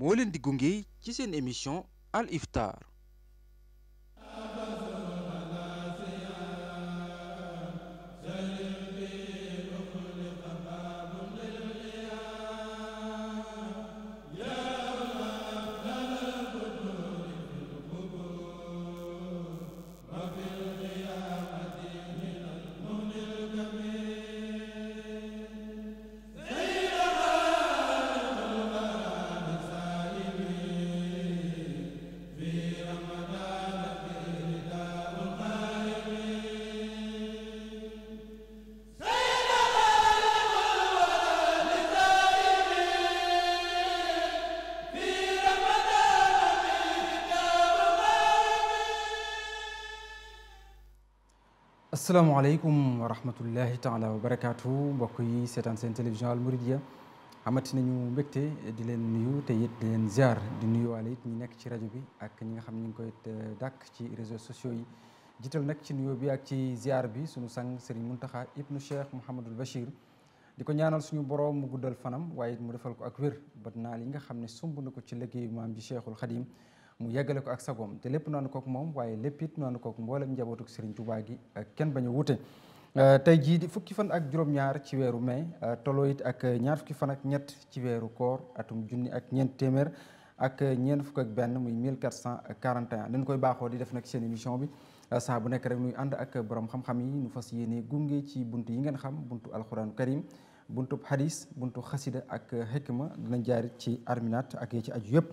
moo leen di gunge ci seen émission al iftaar asalaamaaleykum wa rahmatullahi taala wa mbokk yi seetaan seen télévision Al Mouridiyyah amati nañu mbégte di leen nuyu te it di leen ziar di nuyuwaale it ñi nekk ci rajo bi ak ñi nga xam ñu ngi koy eh, dàkk ci réseaux sociaux yi jiital nag ci nuyoo bi ak ci ziar bi suñu sang Serigne Mountakha ibnu Cheikh Mouhamadul Bachir di ko ñaanal suñu borom mu guddal fanam waaye mu defal ko ak wér ba naa li nga xam ne sumb na ko ci liggéeyu maam ji Cheikhul Khadim mu yeggale ko ak sagoom te lépp noonu kook moom waaye léppit it noonu kook mboolem njabootuk Serigne Touba gi kenn bañ a wute euh, tey jii di fukki fan ak juróom-ñaar ci weeru may euh, tolloo it ak ñaar fukki fan ak ñett ci weeru koor atum junni ak ñeent téeméer ak ñeent fukk ak benn muy mille 1441 dañ koy baaxoo di def nag seen émission bi euh, saa bu nekk rek nuy ànd ak borom xam-xam yi nu fas yéene gunge ci buntu yi ngeen xam buntu alxuraanu karim buntu hadis buntu xasida ak xikma dina jaar ci arminat ak ci aju yëpp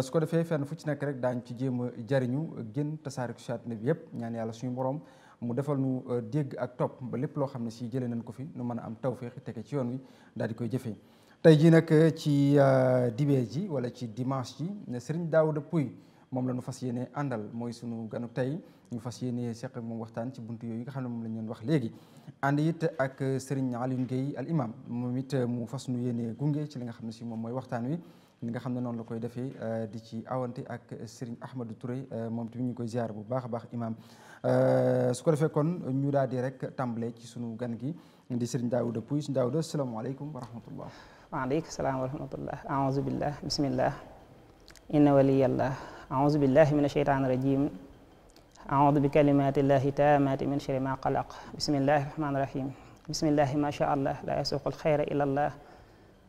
su ko defee fenn fu nag nekk rek daañu ci jéem a jariñu génn tasaare ci àddina bi yëpp ñaan yàlla suñu borom mu defal nu euh, dégg ak topp ba lépp loo xam ne si jëlee nañ ko fi nu mën a am tawféex tege ci yoon wi daal koy jëfee. tey jii nag euh, ci euh, dibeer ji wala ci dimanche ji Serigne Daouda Pouy moom la ñu fas yéene àndal mooy sunu ganu tey ñu fas yéene seq ak moom waxtaan ci buntu yooyu nga xam ne moom lañu ñu wax léegi. ànd it ak Serigne Alioune Guèye al imam moom it mu fas yéene gunge ci li nga xam ne si moom mooy waxtaan wi. ni nga xam ne noonu la koy defe euh, di ci awante ak Serigne Ahmadou Touré euh, moom tamit ñu koy ziar bu baax a baax imam euh, su ko defee kon ñu daal di rek tàmbale ci sunu gan gi di Serigne Daouda Pouy Serigne Daouda asalaamaaleykum wa rahmatullah waaleykum salaam wa rahmatullah aouzu billah bismillah inna waliyallah aouzu billahi min asheytaani rajim aoudu bi kalimatillahi taamati min shari ma qalaq bismillahi rahmaani rahim bismillahi ma sha la yasuqu alxayra ila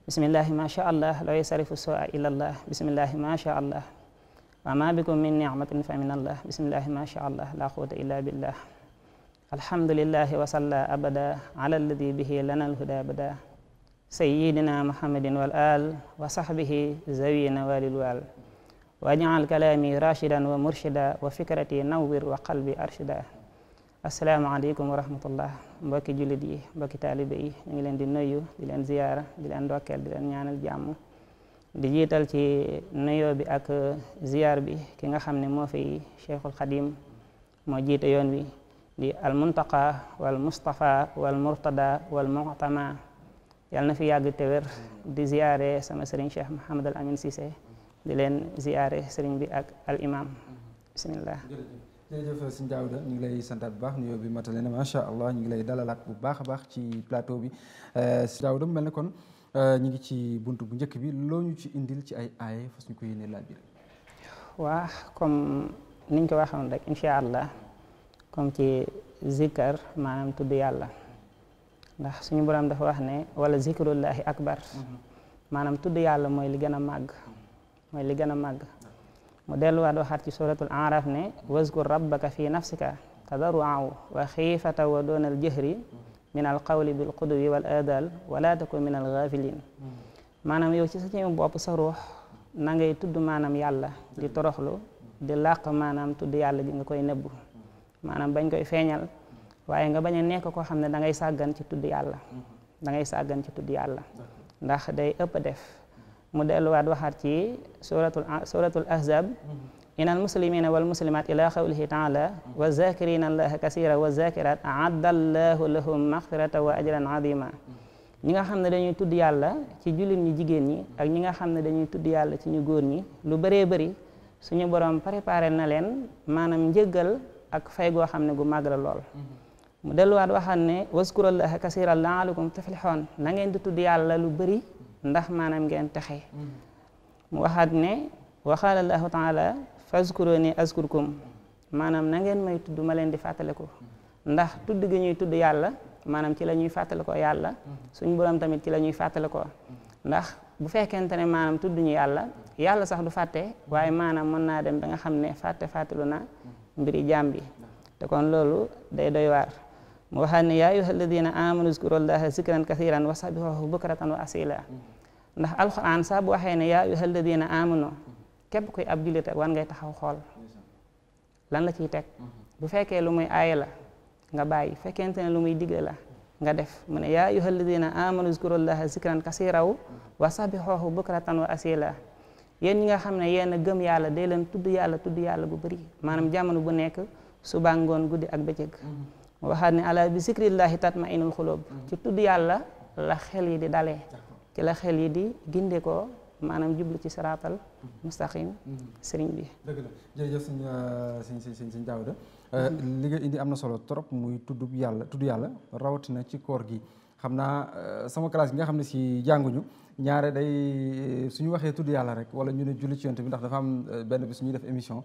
bismillahi ma sha allah law yasarifu soa ila allah bismillahi ma sha allah wa ma bikum min ni'matin fa min allah bismillahi ma sha allah la quwwata illa billah alhamdulillahi wa salla abada ala alladhi bihi lana alhuda abada sayyidina muhammadin wal al wa sahbihi zawina walil wal waj'al kalami rashidan wa murshida wa fikrati nawwir wa qalbi arshida asalaamaaleykum wa rahmatullah mbokki jullit yi mbokki taalibe yi ñu ngi leen di nuyu di leen ziyaara di leen ndokkeel di leen ñaanal jàmm di jiital ci nuyoo bi ak ziyaar bi ki nga xam ne moo fi cheikhul xadim moo jiite yoon wi di al muntaqa wal mustafa wal murtada wal muqtama na fi yàgg tewer di ziyaare sama sëriñ cheikh Mouhamed al sise di leen ziyaare sëriñ bi ak al bismillah jërëjëf sëñ Daouda ñu ngi lay santaat bu baax nuyoo bi matale na macha allah ñu ngi lay dalalaat bu baax a baax ci plateau bi euh, sëñ Daouda mu mel ne kon euh, ñu ngi ci buntu bu njëkk bi loo ñu ci indil ci ay aaye fas ñu ko yéene laaj bi waa comme niñ ko waxoon rek incha allah comme ci zikkar maanaam tudd yàlla ndax suñu borom dafa wax ne wala zikrullahi akbar mm-hmm. maanaam tudd yàlla mooy li gën a màgg mooy li gën a màgg mu delluwaat waxaat ci suratul araf ne wazkur rabbaka fi nafsika tadarruan wa xiifata wa doon al jëhri min al qawli bil qudwi wal adal wala takun min al ghafilin maanaam yow ci sa ci bopp sa ruux na ngay tudd maanaam yàlla di toroxlu di làq maanaam tudd yàlla gi nga koy nëbbu maanaam bañ koy feeñal waaye nga bañ a nekk koo xam ne da ngay sàggan ci tudd yàlla da ngay sàggan ci tudd yàlla ndax day ëpp def mu delluwaat waxaat ci suratul suratul ahzab mm-hmm. inal muslimina wal muslimat ila qawlihi taala wa zakirina allaha kasira wa zakirat addallahu lahum maxfirata wa ajran azima mm-hmm. ñi nga xam ne dañuy tudd yàlla ci jullit ñi jigéen ñi ak ñi nga xam ne dañuy tudd yàlla ci ñu góor ñi lu bëree bëri suñu borom préparé na leen maanaam njëggal ak fay goo xam ne gu màgg la lool mm-hmm. mu delluwaat waxaat ne waskurullaha kasiran laalukum tuflixoon na ngeen di tudd yàlla lu bëri ndax maanaam ngeen texe mm-hmm. mu waxaat ne waxaala allahu taala fazkuruni azkurkum maanaam na ngeen may tudd ma leen di fàttaliku mm-hmm. ndax tudd gi ñuy tudd yàlla maanaam ci la ñuy fàttalikoo yàlla mm-hmm. suñ borom tamit ci la ñuy fàttalikoo ndax bu fekkente ne maanaam tudd ñu yàlla yàlla sax du fàtte waaye maanaam mën naa dem ba nga xam ne fàtte fàttalu na mbiri jaam bi te kon loolu day doy waar mu waxaat ne yaa ayyuha alladina amanu zkuru allaha zikran kathiran wa sabihuhu bukratan wa ndax alxuraan saa bu waxee ne yaa ayyuhal na amanu képp kuy ab jullit war ngay taxaw xool lan la ciy teg bu fekkee lu muy aaye la nga bàyyi fekkente ne lu muy digle la nga def mu ne yaa ayyuhal ladina amanu zkurullaha zikran kasiraw wa sabixoohu bukratan wa la yéen ñi nga xam ne yenn gëm yàlla day leen tudd yàlla tudd yàlla bu bëri maanaam jamono bu nekk su ngoon guddi ak bëccëg waxaat ne ala bi zikrillahi tatma inul xuloob ci yàlla la xel yi di dalee ci la xel yi di ginde ko maanaam jublu ci saraatal mustaqim sëriñ bi dëgg la jërëjëf sëñ euh, sëñ sëñ sëñ Daawda euh, mhm. li nga indi am na solo trop muy tudd yàlla tudd yàlla rawatina ci koor gi xam naa euh, sama classe gi nga xam ne si jànguñu ñaare day suñu waxee tudd yàlla rek wala ñu ne julli ci yonent bi ndax dafa am benn bi suñuy def émission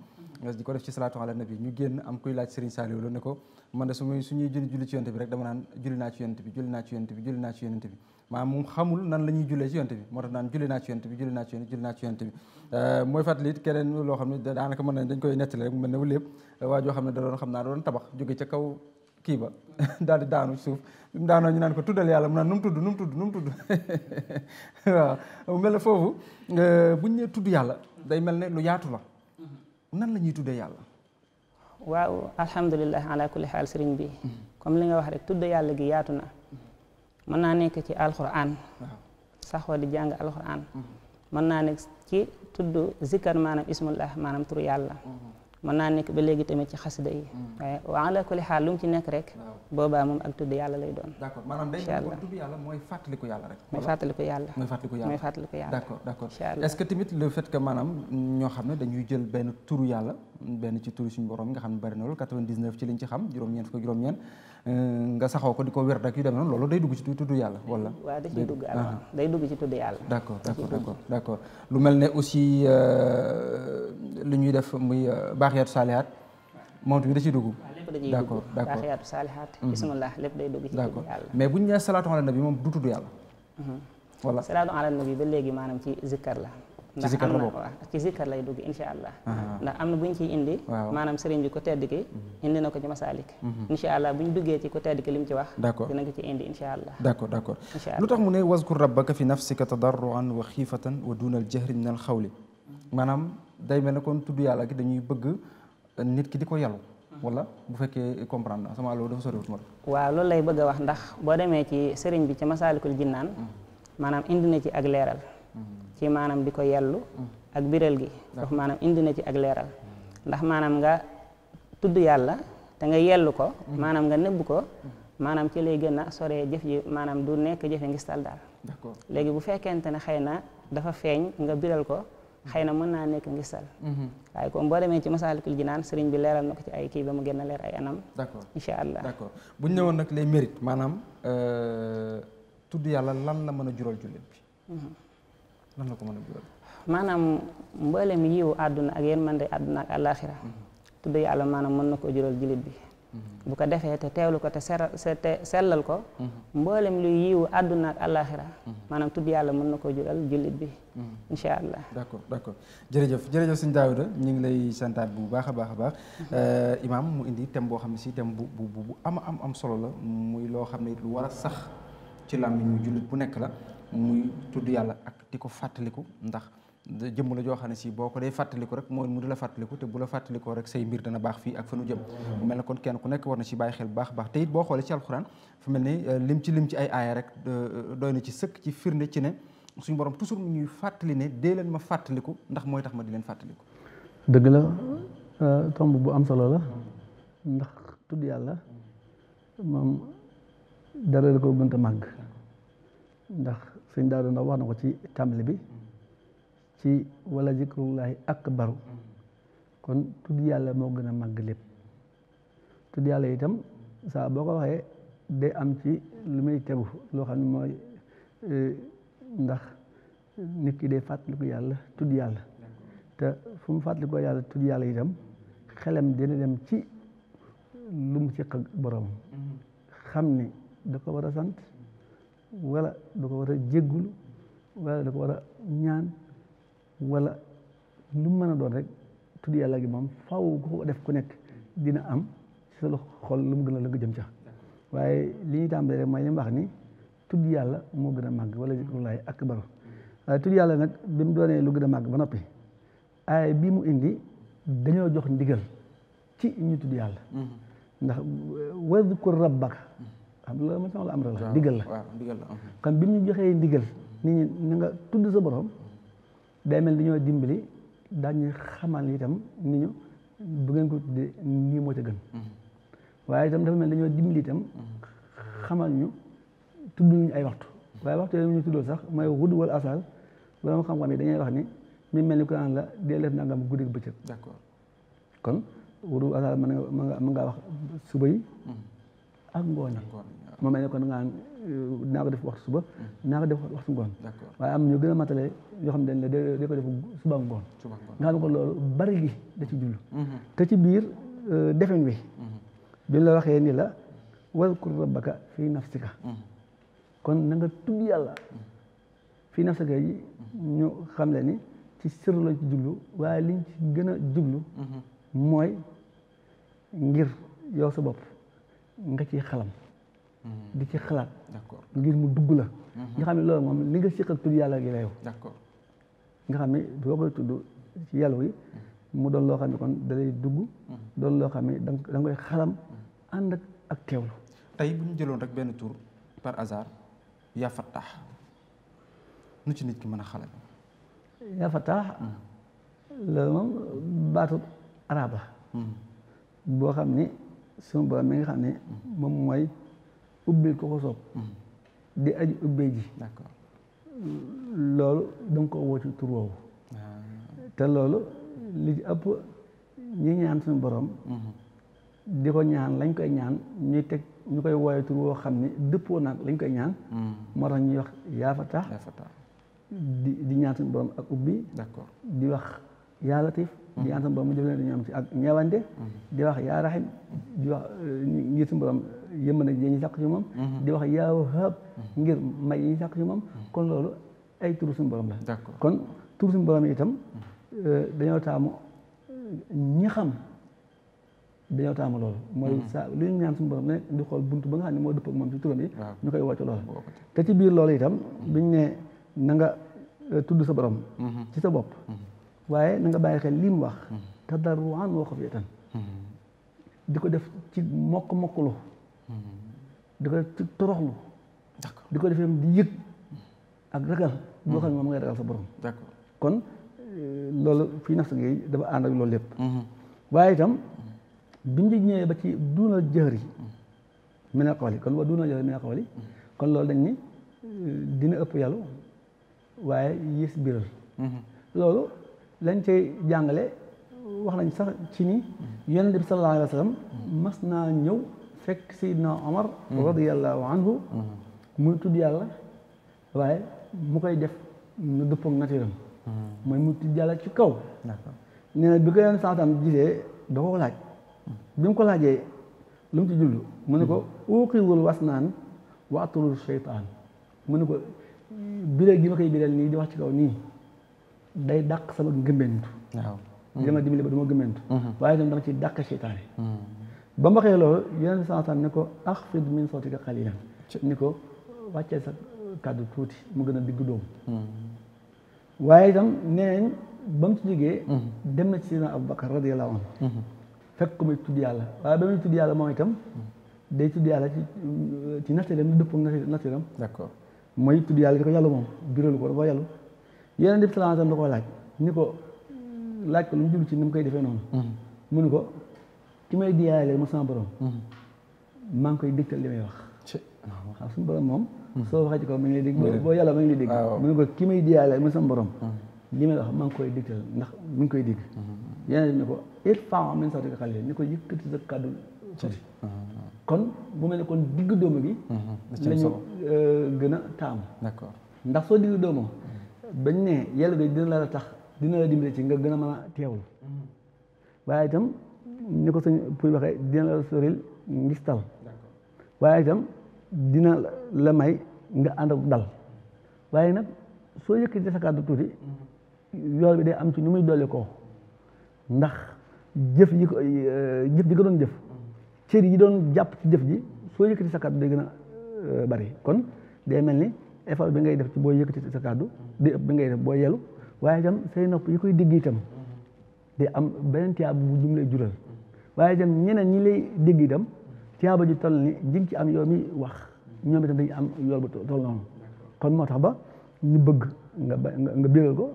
di ko def ci salaatu ala nabi ñu génn am kuy laaj Serigne Saliou la ne ko man de su muy suñuy julli julli ci yonent bi rek dama naan julli naa ci yonent bi julli naa ci yonent bi maanaam moom xamul nan la ñuy jullee ci yonte bi moo tax naan julli naa ci yonte bi julli naa ci yonte bi euh, mooy fàttali it keneen loo xam ne daanaka mën nañ dañ koy nettali rek mu mel ne lépp euh, waa joo xam ne da da di daanu suuf bi mu ñu naan ko tuddal yàlla mu naan nu mu tudd nu mu tudd nu mu tudd waaw euh, tudd yàlla day mel ne lu yaatu la nan la ñuy tuddee yàlla waaw alhamdulilah ala kulli xaal sëriñ bi mm-hmm. comme li nga wax rek tudd yàlla gi yaatu na mën naa nekk ci alxuraan saxoo di jàng alxuraan mën naa nekk ci tudd zikkar maanaam ismullah maanaam turu yàlla naa nekk ba léegi tamit ci xasida yi yàlla lay doon d'accord maanaam day tudd yàlla mooy fàttaliku yàlla rek mooy fàttaliku yàlla mooy fàttaliku yàlla mooy fàttaliku yàlla d'accord d'accord est-ce que tamit le fait maanaam ñoo xam ne dañuy jël benn turu yàlla benn ci turu suñu borom nga xam ne bari na lool 99 ci liñ ci xam juróom-ñeent Eh, nga saxoo ko di ko wér rek yu demee noonu loolu day dugg ci tudd yàlla wala. da ciy dugg alors day dugg ci tudd yàlla. d' accord d' accord d' d' accord lu mel ne aussi euh, lu ñuy def muy euh, baaxiyaatu saalihaat moom tamit da ciy dugg. d' accord d' accord baaxiyaatu saalihaat mhm. bismillah lépp day dugg ci tudd yàlla. mais bu ñu nee salaatu ala nabi moom du tudd yàlla. Mhm. voilà salaatu ala nabi ba léegi maanaam ci zikkar la. ci zikar la bokk ci zikar lay dugg insha allah ndax am na bu ñu ciy indi maanaam sëriñ bi ku tedd ki mhm. indi na ko ci masalik mhm. insha allah bu duggee ci ku tedd ki li ci wax lu tax mu ne wazkur rabbaka fi nafsika tadarruan wa xiifatan wa mhm. lay bëgg a wax ndax boo demee ci sëriñ bi ci masaalikul jinnaan maanaam indi na ci ak leeral ci maanaam di ko yellu ak biral gi dox maanaam indi na ci ak leeral ndax maanaam nga tudd yàlla te nga yellu ko mhm. maanaam nga nëbb ko maanaam ci lay gën a soree jëf ji maanaam du nekk jëfe sal daal léegi bu fekkente ne xëy na dafa feeñ nga biral ko xëy na mën naa nekk ngistal mhm. waaye comme boo demee ci Masaalikul naan sëriñ bi leeral na ko ci ay kii ba mu gën leer ay anam d'accord incha allah d'accord bu ñu ñëwoon nag les mérites maanaam euh, tudd yàlla lan la mën a jural jullit lan ko mën a jural maanaam mboolem yiwu àdduna ak yéen man de àdduna ak àllaaxira mhm. tudd yàlla maanaam mën na koo jural jullit bi mhm. bu ko defee te teewlu ko te sellal ko mhm. mboolem luy àdduna ak maanaam tudd yàlla mën na koo jural jullit bi incha allah d' accord d' jërëjëf jërëjëf sëñ Daouda ñu ngi lay santaat bu baax a baax a baax euh, imaam mu indi thème boo xam ne si thème bu bu bu am am am solo la muy loo xam ne lu war a sax ci làmmiñu jullit bu nekk la muy tudd yàlla ak di ko fàttaliku ndax jëmm la joo xam ne si boo ko dee fàttaliku rek mooy mu di la fàttaliku te bu la fàttalikoo rek say mbir dana baax fii ak fa nu jëm mu mel ne kon kenn ku nekk war na si bàyyi xel bu baax baax te it boo xoolee ci alxuraan fu mel ni euh, lim ci lim ci ay aaya rek euh, euh, doy na ci sëkk ci firnde ci ne suñ borom toujours mu ñuy fàttali ne dee leen ma fàttaliku ndax mooy tax ma di leen fàttaliku. dëgg la tomb bu am solo la ndax tudd yàlla moom dara màgg sëñ Daawda Ndaw wax na ko ci tàmbali bi ci wala zikrullahi akbaru kon tudd yàlla moo gën a màgg lépp tudd yàlla yitam saa boo ko waxee day am ci lu muy tegu loo xam ne mooy e, ndax nit ki day fàttaliku yàlla tudd yàlla te fu mu fàttalikoo yàlla tudd yàlla itam xelam dina dem ci lu mu borom mm-hmm. xam ni da sant wala da ko war a jéggulu wala ñaan wala lu mën a doon rek tudd yàlla gi moom faw ko def ku nekk dina am ci sa xol lu mu gën a la nga jëm waaye li ñuy tàmbalee ma mooy li mu ni tudd yàlla moo gën a màgg wala zikrullahi akbar waaye tudd yàlla nag bi mu doonee lu gën a ba noppi aay bii mu indi dañoo jox ndigal ci ñu tudd yàlla mm-hmm. ndax wazkur rabbaka loolu ma sama amra la ndigal la kon bi mu joxee ndigal nit ñi nu nga tudd sa borom day mel dañoo dimbali daañu xamal itam ni ñu bu ngeen ko tuddee nii moo ca gën mm-hmm. waaye itam dafa mel dañoo dimbali tam mm-hmm. xamal ñu tudd ñu ay waxtu waaye waxtu yooyu ñu tuddoo sax mooy wud wala asal borom xam-xam yi dañuy wax ni mi mel ni ku naan la dee def nangam guddi bëccëg d'accord kon wudu asal ma nga nga wax suba ak ngoon moom mel ne kon nga naa ko def waxtu suba mm-hmm. naa ko def waxtu ngoon waaye am ñu gën a matale yoo xam ne la da ko def suba ngoon nga xam ne loolu bari da ci jublu mm-hmm. te ci biir euh, defen wi mm-hmm. bi la waxee ni la wazkur rabbaka fii nafsika kon na nga tudd yàlla fii nafsika yi ñu xam le ni ci sër lañ ci jublu waaye liñ ci gën a jublu mooy ngir yow sa bopp nga ciy xalam mm-hmm. di ci xalaat ngir mu dugg la mm-hmm. nga xam ne loolu moom li nga siq tudd yàlla gi la nga xam ne boo koy tudd ci yàlla wi mm-hmm. mu doon loo xam ne kon dalay dugg doon loo xam ne da nga koy xalam ànd ak ak teewlu tey bu ñu jëloon rek benn tur par hasard yaa nu ci nit ki mën a xalam yaa loolu moom baatu arab boo xam ni sunu borom mi nga xam ne moom mooy ubbil ko ko soob di aji ubbee ji d'accord loolu da nga woo ci tur ah. te loolu li ci ëpp ñi ñaan suñu borom di ko ñaan lañ koy ñaan ñu teg ñu koy wooye tur woo xam ne dëppoo nag lañ koy ñaan mm. moo tax ñuy wax yaa fa di di ñaan ak ubbi d'accord di wax yaa latif di ñaan mhm. sama borom mu jëf leen ñu am ci ak ñeewante mhm. di wax yaa rahim di wax ngir eh, suñu borom yëmban ak yi ñu sàkk ci moom mhm. di wax yaa wahab ngir may yi ñu sàkk ci moom kon loolu ay turu suñu borom la kon turu suñu borom itam eh, dañoo taamu eh, ñi xam dañoo taamu loolu mooy sa lu ñaan suñu borom ne di xool bunt ba nga xam ne moo dëpp ak moom ci turam yi ñu koy wocc loolu te ci biir loolu itam biñ ne nanga tudd sa borom ci sa bopp waaye na nga bàyyi xel lii mu wax hmm. tadarruan wa xafiyatan hmm. di ko def ci mokk mokklu hmm. di ko def ci toroxlu di ko defee di yëg ak ragal boo xam ne moom ngay ragal sa borom kon eh, loolu fii nafs gi dafa ànd ak loolu lépp waaye tam bi mu ñëwee ba ci duunal jëhri min al qawli kon wa duunal jëhri min kon loolu dañ ni eh, dina ëpp yàlla waaye yées biral loolu lañ cay jàngale wax nañ sax ci ni yonent bi sallallahu alayhi wa sallam mas ñëw fekk Seydina Omar mm-hmm. mm-hmm. yàlla waaye mu koy def nu dëppoog natiram mm-hmm. mooy mu tudd yàlla ci kaw nee na bi ko yonent saatam gisee da ko laaj bi mu ko laajee lu mu jullu mu ne ko uuqidul wasnaan wa atrul sheytaan mu ne ko bire gi ma koy biral nii di wax ci kaw nii day dàq sama ngëmbentu waaw dama dimbali ba du ma gëmmentu mm-hmm. waaye itam dama ci dàq seytaane mm-hmm. ba ma waxee loolu sa sansan ne ko axfid min sawtika qalilan ni ko wàccee sa kàddu tuuti mu gën a diggu dóom mm-hmm. waaye itam neenañ ba mu ci jógee dem na ci Seydina Aboubacar radiyallahu anhu fekk ko muy tudd yàlla waaye ba muy tudd yàlla moom itam day tudd yàlla ci ci nattiram lu dëpp nattiram d'accord ko dafa yàllu yeneen bi sallallahu alayhi ko da koo laaj ni ko laaj ko lu mu jublu ci ni mu koy defee noonu mhm. mu ni ko ki may diyaale ma sam borom mhm. maa ngi koy dégtal li may wax waaw suñu borom moom mhm. soo waxee ci kaw ma ngi lay dégg boo ma ngi lay dégg mu ni ko ki may diyaale ma sama borom li may wax maa koy dégtal ndax mi ngi koy dégg yeneen bi ni ko irfa min sawtika xalilan ni ko yëkkati sa kàddu sotti kon bu mel ne kon digg doomu gi lañu euh, gën a taamu d'accord ndax soo digg doomu bañ ne yàlla bi dina la tax dina la dimbali ci nga gën a mën a waaye itam ni ko sëñ puy waxee dina la soril ngistal waaye itam dina la may nga ànd ak dal waaye nag soo yëkkati sa kàddu tuuti mhm. yool bi day am ci nu muy dolli koo ndax jëf yi ko eh, jëf ji nga doon jëf mhm. cër yi doon jàpp ci jëf ji soo yëkkati sa kàddu day gën a eh, bari kon day mel ni effort bi ngay def ci boo yëkkati sa kàddu di ëpp bi ngay def boo yelu waaye itam say nopp yi koy digg dégg tam di am beneen tiyaaba bu jum lay jural waaye itam ñeneen ñi lay dégg itam tiyaaba ji toll ni ji ci am yow mi wax ñoom itam dañu am yool bu toll noonu kon moo tax ba ñu bëgg nga ba nga ko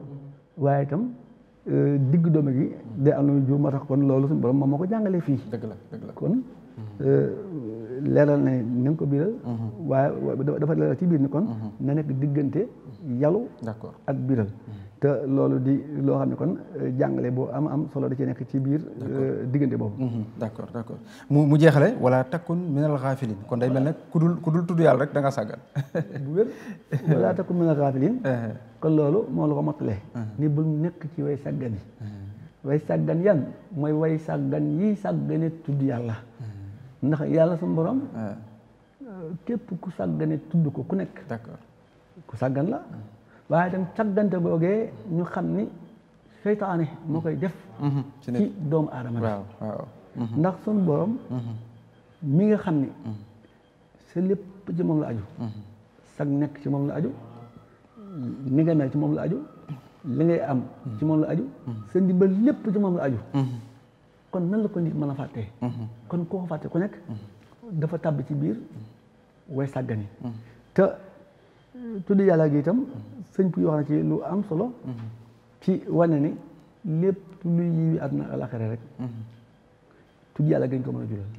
waaye itam euh, digg doome gi day am lu muy jur moo tax kon loolu suñu borom moom moo ko jàngalee fii. dëgg la kon. Hmm. Euh, leeral na ni nga ko biiral. Mhm. waaye dafa leeral ci biir ni kon. Mhm. na nekk diggante yalu. d'accord ak biral mhm. te loolu di loo xam ne kon euh, jàngale boo am am solo da ci nekk ci biir. Euh, diggante boobu. d'accord d'accord mu mu jeexale wala takkun minal xaafilin kon day mel ne ku dul ku yàlla rek da ngaa sàggal. bu wér wala takkun minal kon loolu moo la ko mottalee. ni bul nekk ci way sàggan yi. way sàggan yan mooy way sàggan yi sàggane tudd yàlla. ndax yàlla suñu borom. Ah. képp ku sàggane tudd ko ku nekk. d'accord ku sàggan la. waaye itam sàggante boogee ñu xam ni seytaane moo koy def. Mhm. ci doomu aadama bi. Mhm. ndax suñu borom. Mhm. mi nga xam ni. sa lépp ci moom la aju. sag nekk ci moom la aju. ni nga mel ci moom la aju. li ngay am. ci moom la aju. sa ndimbal lépp ci moom la aju. kon nan la ko nit mën a fàttee mhm. kon koo fàtte ku nekk mhm. dafa tàbbi ci biir mhm. way sàggani te euh, tudd yàlla gi itam sëñ ci lu am solo ci wane ni lépp luy rek tudd yàlla gañ ko mën a jural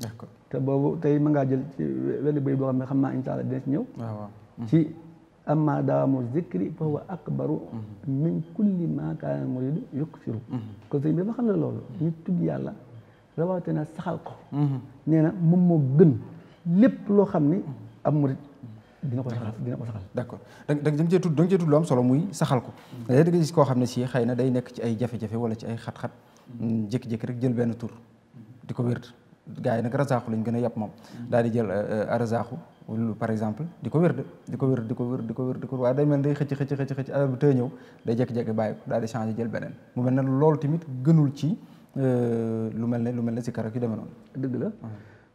te boobu tey ma ngaa jël ci wenn bay boo xam ne xam naa incha allah dina ci ñëw ci amma daamu zikri fa huwa akbaru min kulli ma kaana muridu yuksiru kon sëñ bi ma xam ne loolu ñu tudd yàlla rawatina saxal ko. Mhm. nee na moom moo gën lépp loo xam ni am murit di ko dina ko saxal. d' accord da nga da nga cee tudd da nga cee solo muy saxal ko. da mhm. gis koo xam ne si xëy na day nekk ci ay jafe-jafe wala ci ay xat-xat. Mhm. Mm, jékki-jékki rek jël benn tur di ko wér. gaa yi nag razaaxu lañ gën a yàpp moom daal di jël euh, euh, razaaxu par exemple di ko wér di ko wér di ko wér di ko wér di ko waaye day mel day xëcc xëcc xëcc xëcc alal bu tëy ñëw day jékki-jékki bàyyi ko daal di changé jël beneen mu mel ne loolu tamit gënul ci Euh, lu mel ne lu mel ne si kar ak yu demee noonu. la ah.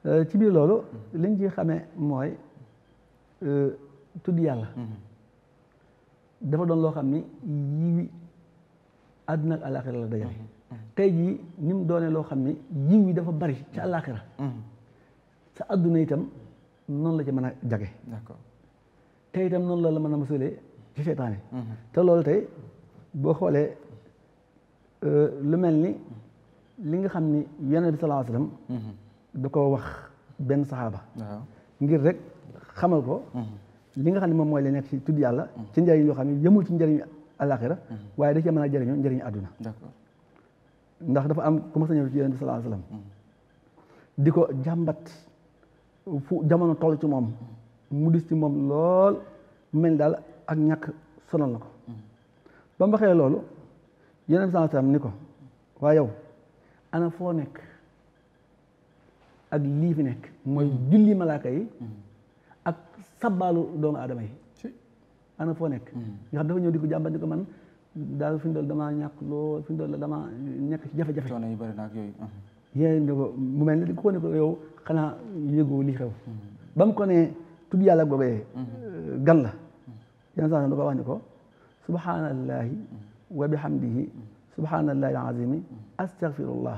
euh, ci biir loolu. liñ ci xamee mooy euh, tudd yàlla. Mm-hmm. doon loo xam ni yiwi àdduna ak àllaaxira mm-hmm. Mm-hmm. jii ni mu loo xam ni yiw yi dafa bari ci àllaaxira sa àdduna la ci mën a jage. d'accord tey itam noonu la mën a mësulee ci seetaane. te loolu tey boo xoolee lu mel ni. li nga xam ni yonent bi sallallahu alayhi wasallam mhm. da ko wax benn saxaaba ngir rek xamal ko mhm. li nga xam ne moom mooy la nekk ci tudd yàlla mhm. ci njëriñ yoo xam ne yëmul ci njëriñu alaxira waaye da cee mën a jëriñoo njëriñu àdduna ndax dafa am ku ma sa ñëw di ko jàmbat fu jamono toll ci moom mu dis ci moom lool mel daal ak ñàkk sonal na ko waxee loolu yonent bi sallallahu ni ko waa yow ana foo nekk ak lii fi nekk mooy julli malaaka yi ak sabbaalu doonu aadama yi ana foo nekk hmm. nga xam dafa ñëw di ko man daal fi ñu doon damaa ñàkk lool fi ñu doon nekk jafe-jafe coono bari na yooyu hmm. yéen mu mel ni ku ko ne ko yow xanaa yëgoo li xew hmm. ba mu ko ne tudd yàlla eh, gan la yenn saa da ko wax ni ko subhanallahi wa bihamdihi subhaanallahi alazimi astaghfirullah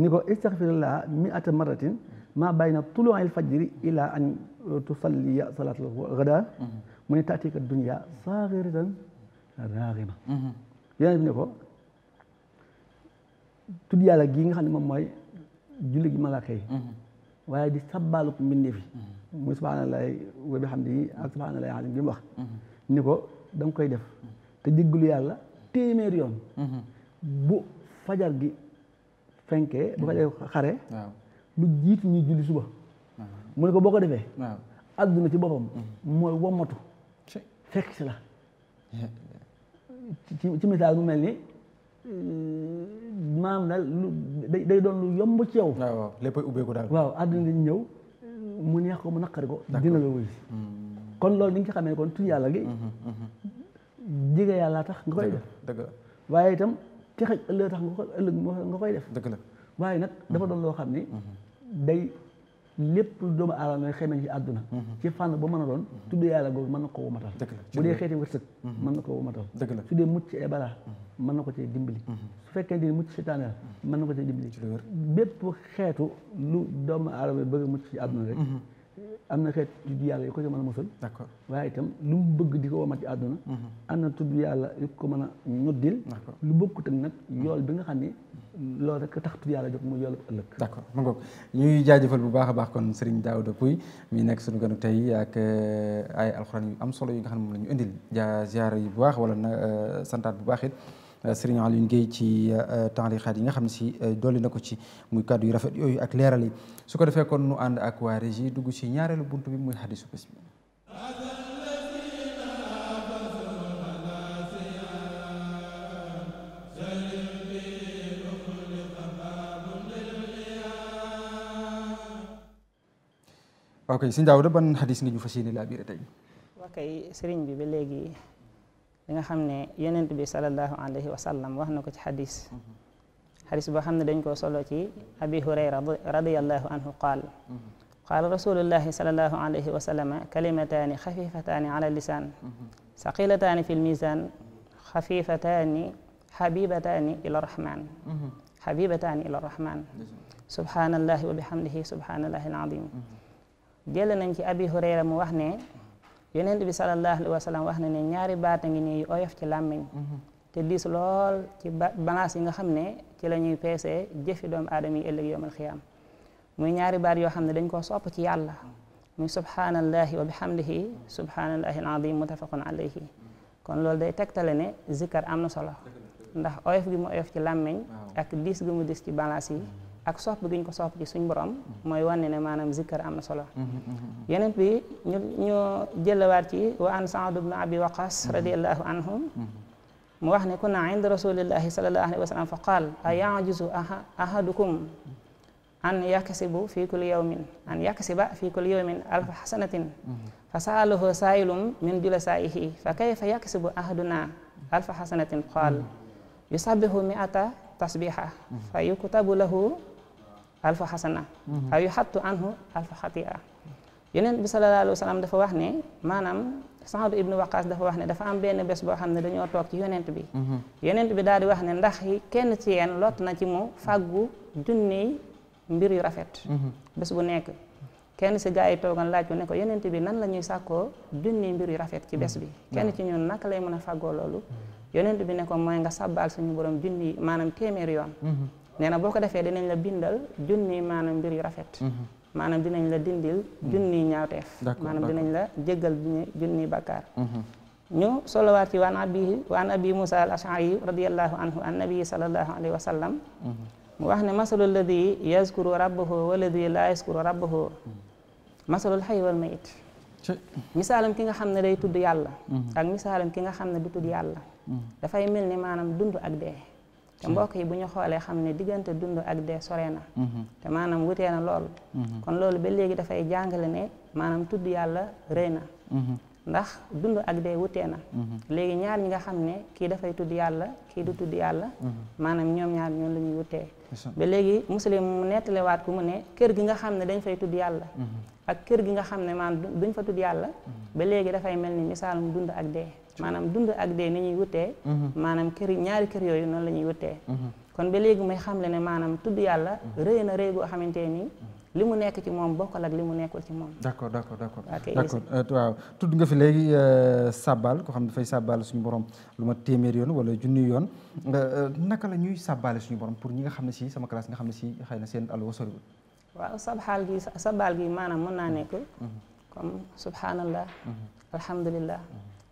ni ko istaghfirullah miata maratin maa bayna tuluu'il fajri ila an tusalliya salaatal ghadaa mu ne taatika dunya saaghiratan raaghima yonent bi ne ko tudd yàlla gii nga xam ne moom mooy julli gi malaaka yi waaye di sabbaalu ko mbindeef yi muy subhaanallahi wa bihamdihi ak subhaanallahi alazim bi mu wax ni ko da nga koy def te jéggalu yàlla téeméer yoon. Mhm. bu fajar gi fenkee bu fajar mhm. xare. lu jiit ñu julli suba. Mhm. mu ne ko boo ko defee. adduna ci boppam. mooy wommatu. fekk si la. ci ci misaal mu mel ni euh, maam la lu day doon lu yomb ci yow. waaw waaw léppay ubbeeku daal. waaw àdduna mm. dañu ñëw mu neex ko mu naqari ko. dina la wuyu. Mm. kon loolu ni nga xamee kon tuuti yàlla gi. jege yàlla tax nga koy def dëgg la waaye itam ki xaj ëllëg tax nga ko ëllëg nga koy def dëgg la waaye nag dafa doon loo xam ni mhm. day lépp lu doomu aadama xamee ci àdduna mhm. ci fànn ba mën doon mhm. tudd yàlla googu mën na ko womatal bu dee xeeti wërsëg mën na ko womatal su dee mucc ay balaa mën na ko cee dimbali su fekkee ni mucc seytaane la mën na ko cee dimbali bépp xeetu lu doomu aadama bëgg mucc ci àdduna rek am na xeet tudd yàlla yu ko ci mën a mosal d'accord waaye itam lu mu bëgg di ko wamat ci àdduna mhm. am na tudd yàlla yu ko mën a ñoddil lu bokkut ak nag yool bi nga xam ne loolu rek tax tudd yàlla jox mu yool ëllëg d'accord ma ngoog ñuy jaajëfal bu baax a baax kon Serigne Daouda Pouy mii nekk suñu gënu tey ak euh, ay alxuraan yu am solo yu nga xam ne moom la ñu indil jaa ziar yu bu baax wala na euh, santaat bu baax it sëriñ Alioune Guèye ci euh, taarixaat yi nga xam ne si euh, dolli na ko ci muy kàddu yu rafet yooyu ak leeral su ko defee kon nu ànd ak waa régie dugg ci ñaareelu buntu bi muy xadisu bés bi ok sëñ Daawda ban xadis nga ñu fas yéene laa biir tey. ok sëriñ bi ba léegi. li nga xam ne yonent bi sallallahu alayhi wa sallam wax na ko ci xadis xadis boo xam ne dañ koo solo ci abi hurayra radiallahu anhu qaal qaala rasulullahi sallallahu alayhi wa sallama kalimataani xafifataani ala lisaan saqilataani fi lmisaan xafifataani xabibataani ila rahman xabibataani ila rahman subhanallahi wa bihamdihi subhanallahi alazim jël nañ ci abi hurayra mu wax ne yonent bi sallallahu alayhi wa sallam wax na ne ñaari baat ngi nii yu oyof ci làmmiñ mhm. te diis lool ci balance yi nga xam ne ci la ñuy peesee jëfi doomu aadama yi ëllëg yawmal xiyaam muy ñaari baat yoo xam ne dañ koo sopp ci yàlla muy subhaanallahi wa bihamdihi subhaanallahi al-aziim muttafaqun alayhi kon loolu day tegtale ne zikkar am na solo ndax oyof gi mu oyof ci làmmiñ ak diis gi mu diis ci balance yi mhm. ak sopp gi ñu ko sopp ci suñ borom mm-hmm. mooy wane ne maanaam zikkar am na solo mm-hmm, mm-hmm. yeneen bi ñu ñu jëlawaat ci wa an Saad ibn Abi Waqas radiallahu anhu mu wax ne kunna inda rasulillahi sallallahu alayhi wa sallam fa qaal a yajizu ahadukum an yakasibu fi kulli yawmin an yakasiba fi kulli yawmin alfa xasanatin fa saalahu saayilum min julasaayihi fa kayfa yakasibu ahaduna alfa xasanatin qaal yusabbihu mi'ata tasbiha fa yuktabu lahu alfa xasana mhm. aw yu xattu anhu alfa xatia yeneen bi sallallahu alayhi wa dafa wax ne maanaam Saadu ibnu Waqaas dafa wax ne dafa am benn bés boo xam ne dañoo toog ci yonent bi mhm. yonent bi daal di wax ne ndax kenn ci yeen lot na ci mu fàggu junniy mbir yu rafet mhm. bés bu nekk kenn si gaa yi toogoon laaj ko ne ko yonent bi nan la ñuy sàkkoo junniy mbir yu rafet ci bés bi kenn ci ñun naka lay mën a fàggoo loolu yonent bi ne ko mooy nga sàbbaal suñu boroom junni maanaam téeméer yoon nee boo ko defee dinañ la bindal junni maanaam mbir yu rafet mhm. maanaam dinañ la dindil mhm. junni ñaawteef maanaam dinañ la jéggal biñu junni bàkkaar mhm. ñu solowaat ci waan abi waan abi musa al ashari radiallahu anhu an nabii salallahu alayhi wa sallam mu wax ne masalu alladi yazkuru rabbahu waladi laa yazkuru rabbahu masalul xay wal mayit misaalam ki nga xam ne day tudd yàlla ak misaalam ki nga xam ne du tudd yàlla dafay mel ni maanaam dund ak dee te mbokk yi bu ñu xoolee xam ne diggante dund ak dee sore na mhm. te maanaam wutee na lool mhm. kon loolu ba léegi dafay jàngale ne maanaam tudd yàlla rëy na mhm. ndax dund ak dee wutee na léegi ñaar ñi nga xam ne kii dafay tudd yàlla kii du tudd yàlla maanaam ñoom ñaar ñoom la ñuy wutee ba léegi muslim mu nettalewaat ku mu ne kër gi nga xam ne dañ fay tudd yàlla ak kër gi nga xam ne maanaam duñ fa tudd yàlla ba léegi dafay mel ni misaalum dund ak dee maanaam dund ak dee ni ñuy wutee mhm. maanaam kër ñaari kër yooyu noonu la ñuy wutee mhm. kon ba léegi may xamle ne maanaam tudd yàlla mhm. rëy na rëy goo xamante nii li mu nekk ci moom bokkal ak li mu nekkul ci moom. d' accord d' d' tudd nga fi léegi euh, sàbbaal ko xam dafay sàbbaal suñu borom lu ma téeméer yoon wala junni yoon euh, euh, naka la ñuy sàbbaale suñu borom pour ñi nga xam ne si sama classe nga xam ne si xay na seen allo soriwul. waaw sabxaal gi sabbaal gi maanaam mën naa nekk. comme subhanallah alhamdulillah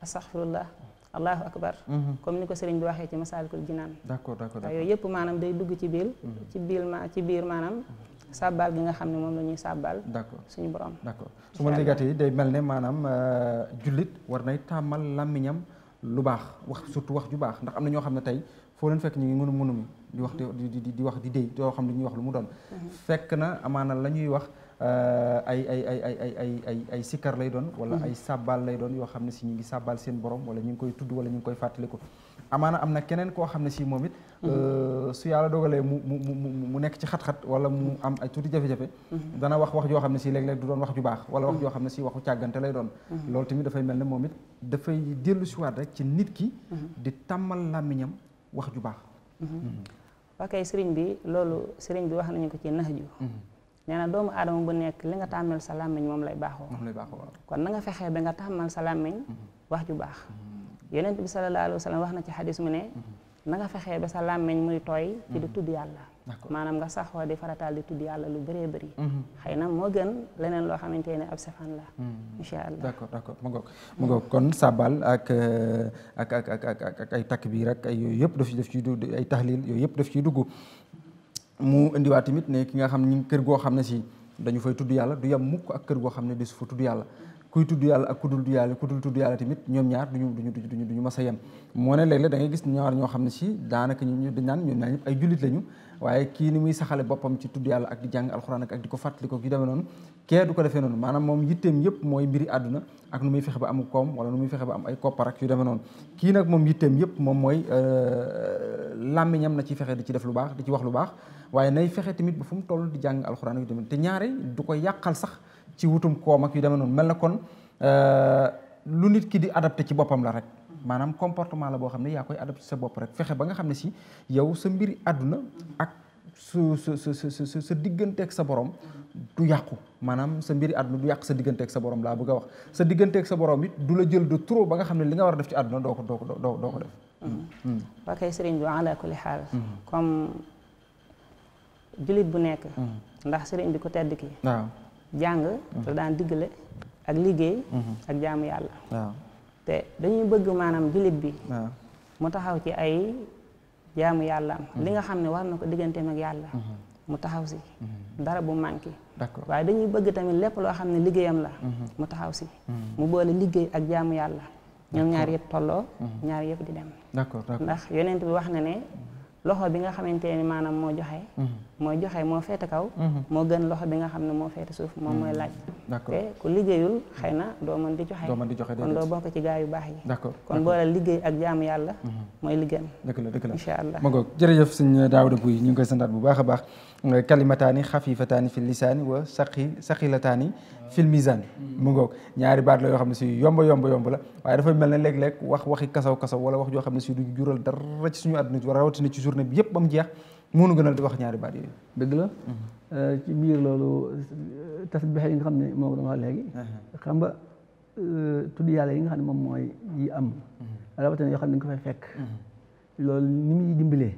astaxfirullah allahu akbar mhm. comme ni ko sëriñ bi waxee ci masaalikul jinaan d'accord d'accord waaw yooyu yëpp maanaam day dugg ci biir mhm. ci biir ma ci biir maanaam sàbbaal gi nga xam ne moom la ñuy sàbbaal d'accord suñu borom d'accord su ma liggéeyatee day mel ne maanaam euh, jullit war nay tàmmal làmmiñam lu baax wax surtout wax ju baax ndax am na ñoo xam ne tey foo leen fekk ñu ngi mënu mënum di wax di di wax di déy yoo xam ne ñuy wax lu mu doon mhm. fekk na amaana la ñuy wax Euh, ay ay ay ay ay ay ay ay sikkar lay doon wala mhm. ay sàbbaal lay doon yoo xam ne si ñu ngi sàbbaal seen borom wala ñu ngi koy tudd wala ñu ngi koy fàttaliku amaana am na keneen koo xam ne si moom it mhm. euh, su yàlla dogalee mu mu mu mu nekk ci xat-xat wala mu am ay tuuti jafe-jafe mhm. dana wax wax joo xam ne si léeg-léeg du doon wax ju baax wala wax xam ne si waxu càggante lay doon loolu tamit dafay mel ne moom it dafay dellu suwaat waat rek ci nit ki di tàmmal làmmiñam wax ju baax ok sëriñ bi loolu sëriñ bi wax nañu ko ci nax nee doomu aadama bu nekk li nga tàmmal sa làmmiñ moom lay baaxoo kon na nga fexee ba nga tàmmal sa làmmiñ mm-hmm. wax ju baax mm-hmm. yonent bi sallallahu alayhi wax na ci xadis mu ne mm-hmm. na nga fexee ba sa làmmiñ muy tooy ci di tudd yàlla maanaam nga saxoo di farataal di tudd yàlla lu bëree bëri xëy na moo gën leneen loo xamante ne ab safaan la incha allah d' accord d' accord mu ngoog mu ngoog kon sabal ak ak ak ak ak ay takbiir ak ay yooyu yëpp daf ci daf ciy dugg ay tahlil yooyu yëpp daf ciy dugg mu indiwaat tamit ne ki nga xam ni kër goo xam ne si dañu fay tudd yàlla du yem mukk ak kër goo xam ne desu fa tudd yàlla kuy tudd yàlla ak ku dul tudd yàlla ku dul tamit ñoom ñaar duñu duñu duñu duñu mas a moo ne léeg-léeg da ngay gis ñaar ñoo xam ne si daanaka ñu dañ naan ñoom ñaar ñëpp ay jullit lañu waaye kii ni muy saxale boppam ci tudd yàlla ak di jàng alxuraan ak di ko fàttali ko gi demee noonu kee du ko defee noonu maanaam moom yitteem yëpp mooy mbiri àdduna ak nu muy fexe ba am koom wala nu muy fexe ba am ay koppar ak yu demee nag moom yitteem yëpp moom mooy euh, làmmiñam na ci fexe di ci def lu baax di ci wax lu baax waaye nay fexe tamit ba fu mu toll di jàng alxuraan yu tamit te ñaare du ko yàqal sax ci wutum koom ak yu demee noonu mel na kon euh, lu nit ki di adapté ci boppam la rek. maanaam comportement la boo xam ne yaa koy adapté sa bopp rek fexe ba nga xam ne si yow sa mbiri àdduna ak su sa sa sa sa digganteeg sa borom. du yàqu maanaam sa mbiri àdduna du yàq sa digganteeg sa borom laa bëgg a wax sa digganteeg sa borom it du la jël de trop ba nga xam ne li nga war a def ci àdduna doo ko doo ko doo ko def. Mm-hmm. Mm-hmm. ok sëriñ bi ala kulli xaal mm-hmm. jullit bu nekk. Mm. ndax sëriñ bi ko tedd ki jàng. la mm. daan diggale ak liggéey. Mm-hmm. ak jaamu yàlla. waaw te dañuy bëgg maanaam jullit bi. mu taxaw ci ay jaamu yàlla am. Mm-hmm. li nga xam ne war na ko digganteem ak yàlla. Mm-hmm. mu taxaw si. dara bu manqué. d'accord waaye dañuy bëgg tamit lépp loo xam ne liggéeyam la. mu taxaw si. mu boole liggéey ak jaamu yàlla. ñoom ñaar yëpp tolloo. ñaar yëpp di dem. ndax yonent bi wax na ne. loxo bi nga xamante ne maanaam moo joxe. Mhm. mooy joxe moo feete kaw. Mhm. moo gën loxo bi nga xam ne moo feete suuf moom mooy mhm. laaj. te ku liggéeyul xëy na doo mën di joxe. doo mën di joxe kon doo bokk ci gaa yu baax yi. kon boole liggéey ak jaamu yàlla. mooy liggéeyam. dëgg la dëgg la incha allah ma ngoog jërëjëf sëñ Daawda Buy ñu ngi koy santaat bu baax a baax. kalimataani xafifataani fi lisaani wa saqi saqilataani fil mizan mm. mu ngoog ñaari baat la yoo xam ne si yomb yomb yomb la waaye dafa mel ne léeg-léeg wax waxi kasaw kasaw wala wax joo xam ne si duñ jural dara ci suñu àdduna war ba mu jeex mënu gënal di wax ñaari yi mm-hmm. euh, nga xam ne moo ko doon wax léegi uh-huh. xam nga euh, tudd yàlla yi nga xam ne moom mooy yi am mm-hmm. rawatina yoo xam ne nga ko fekk mm-hmm. loolu ni muy dimbalee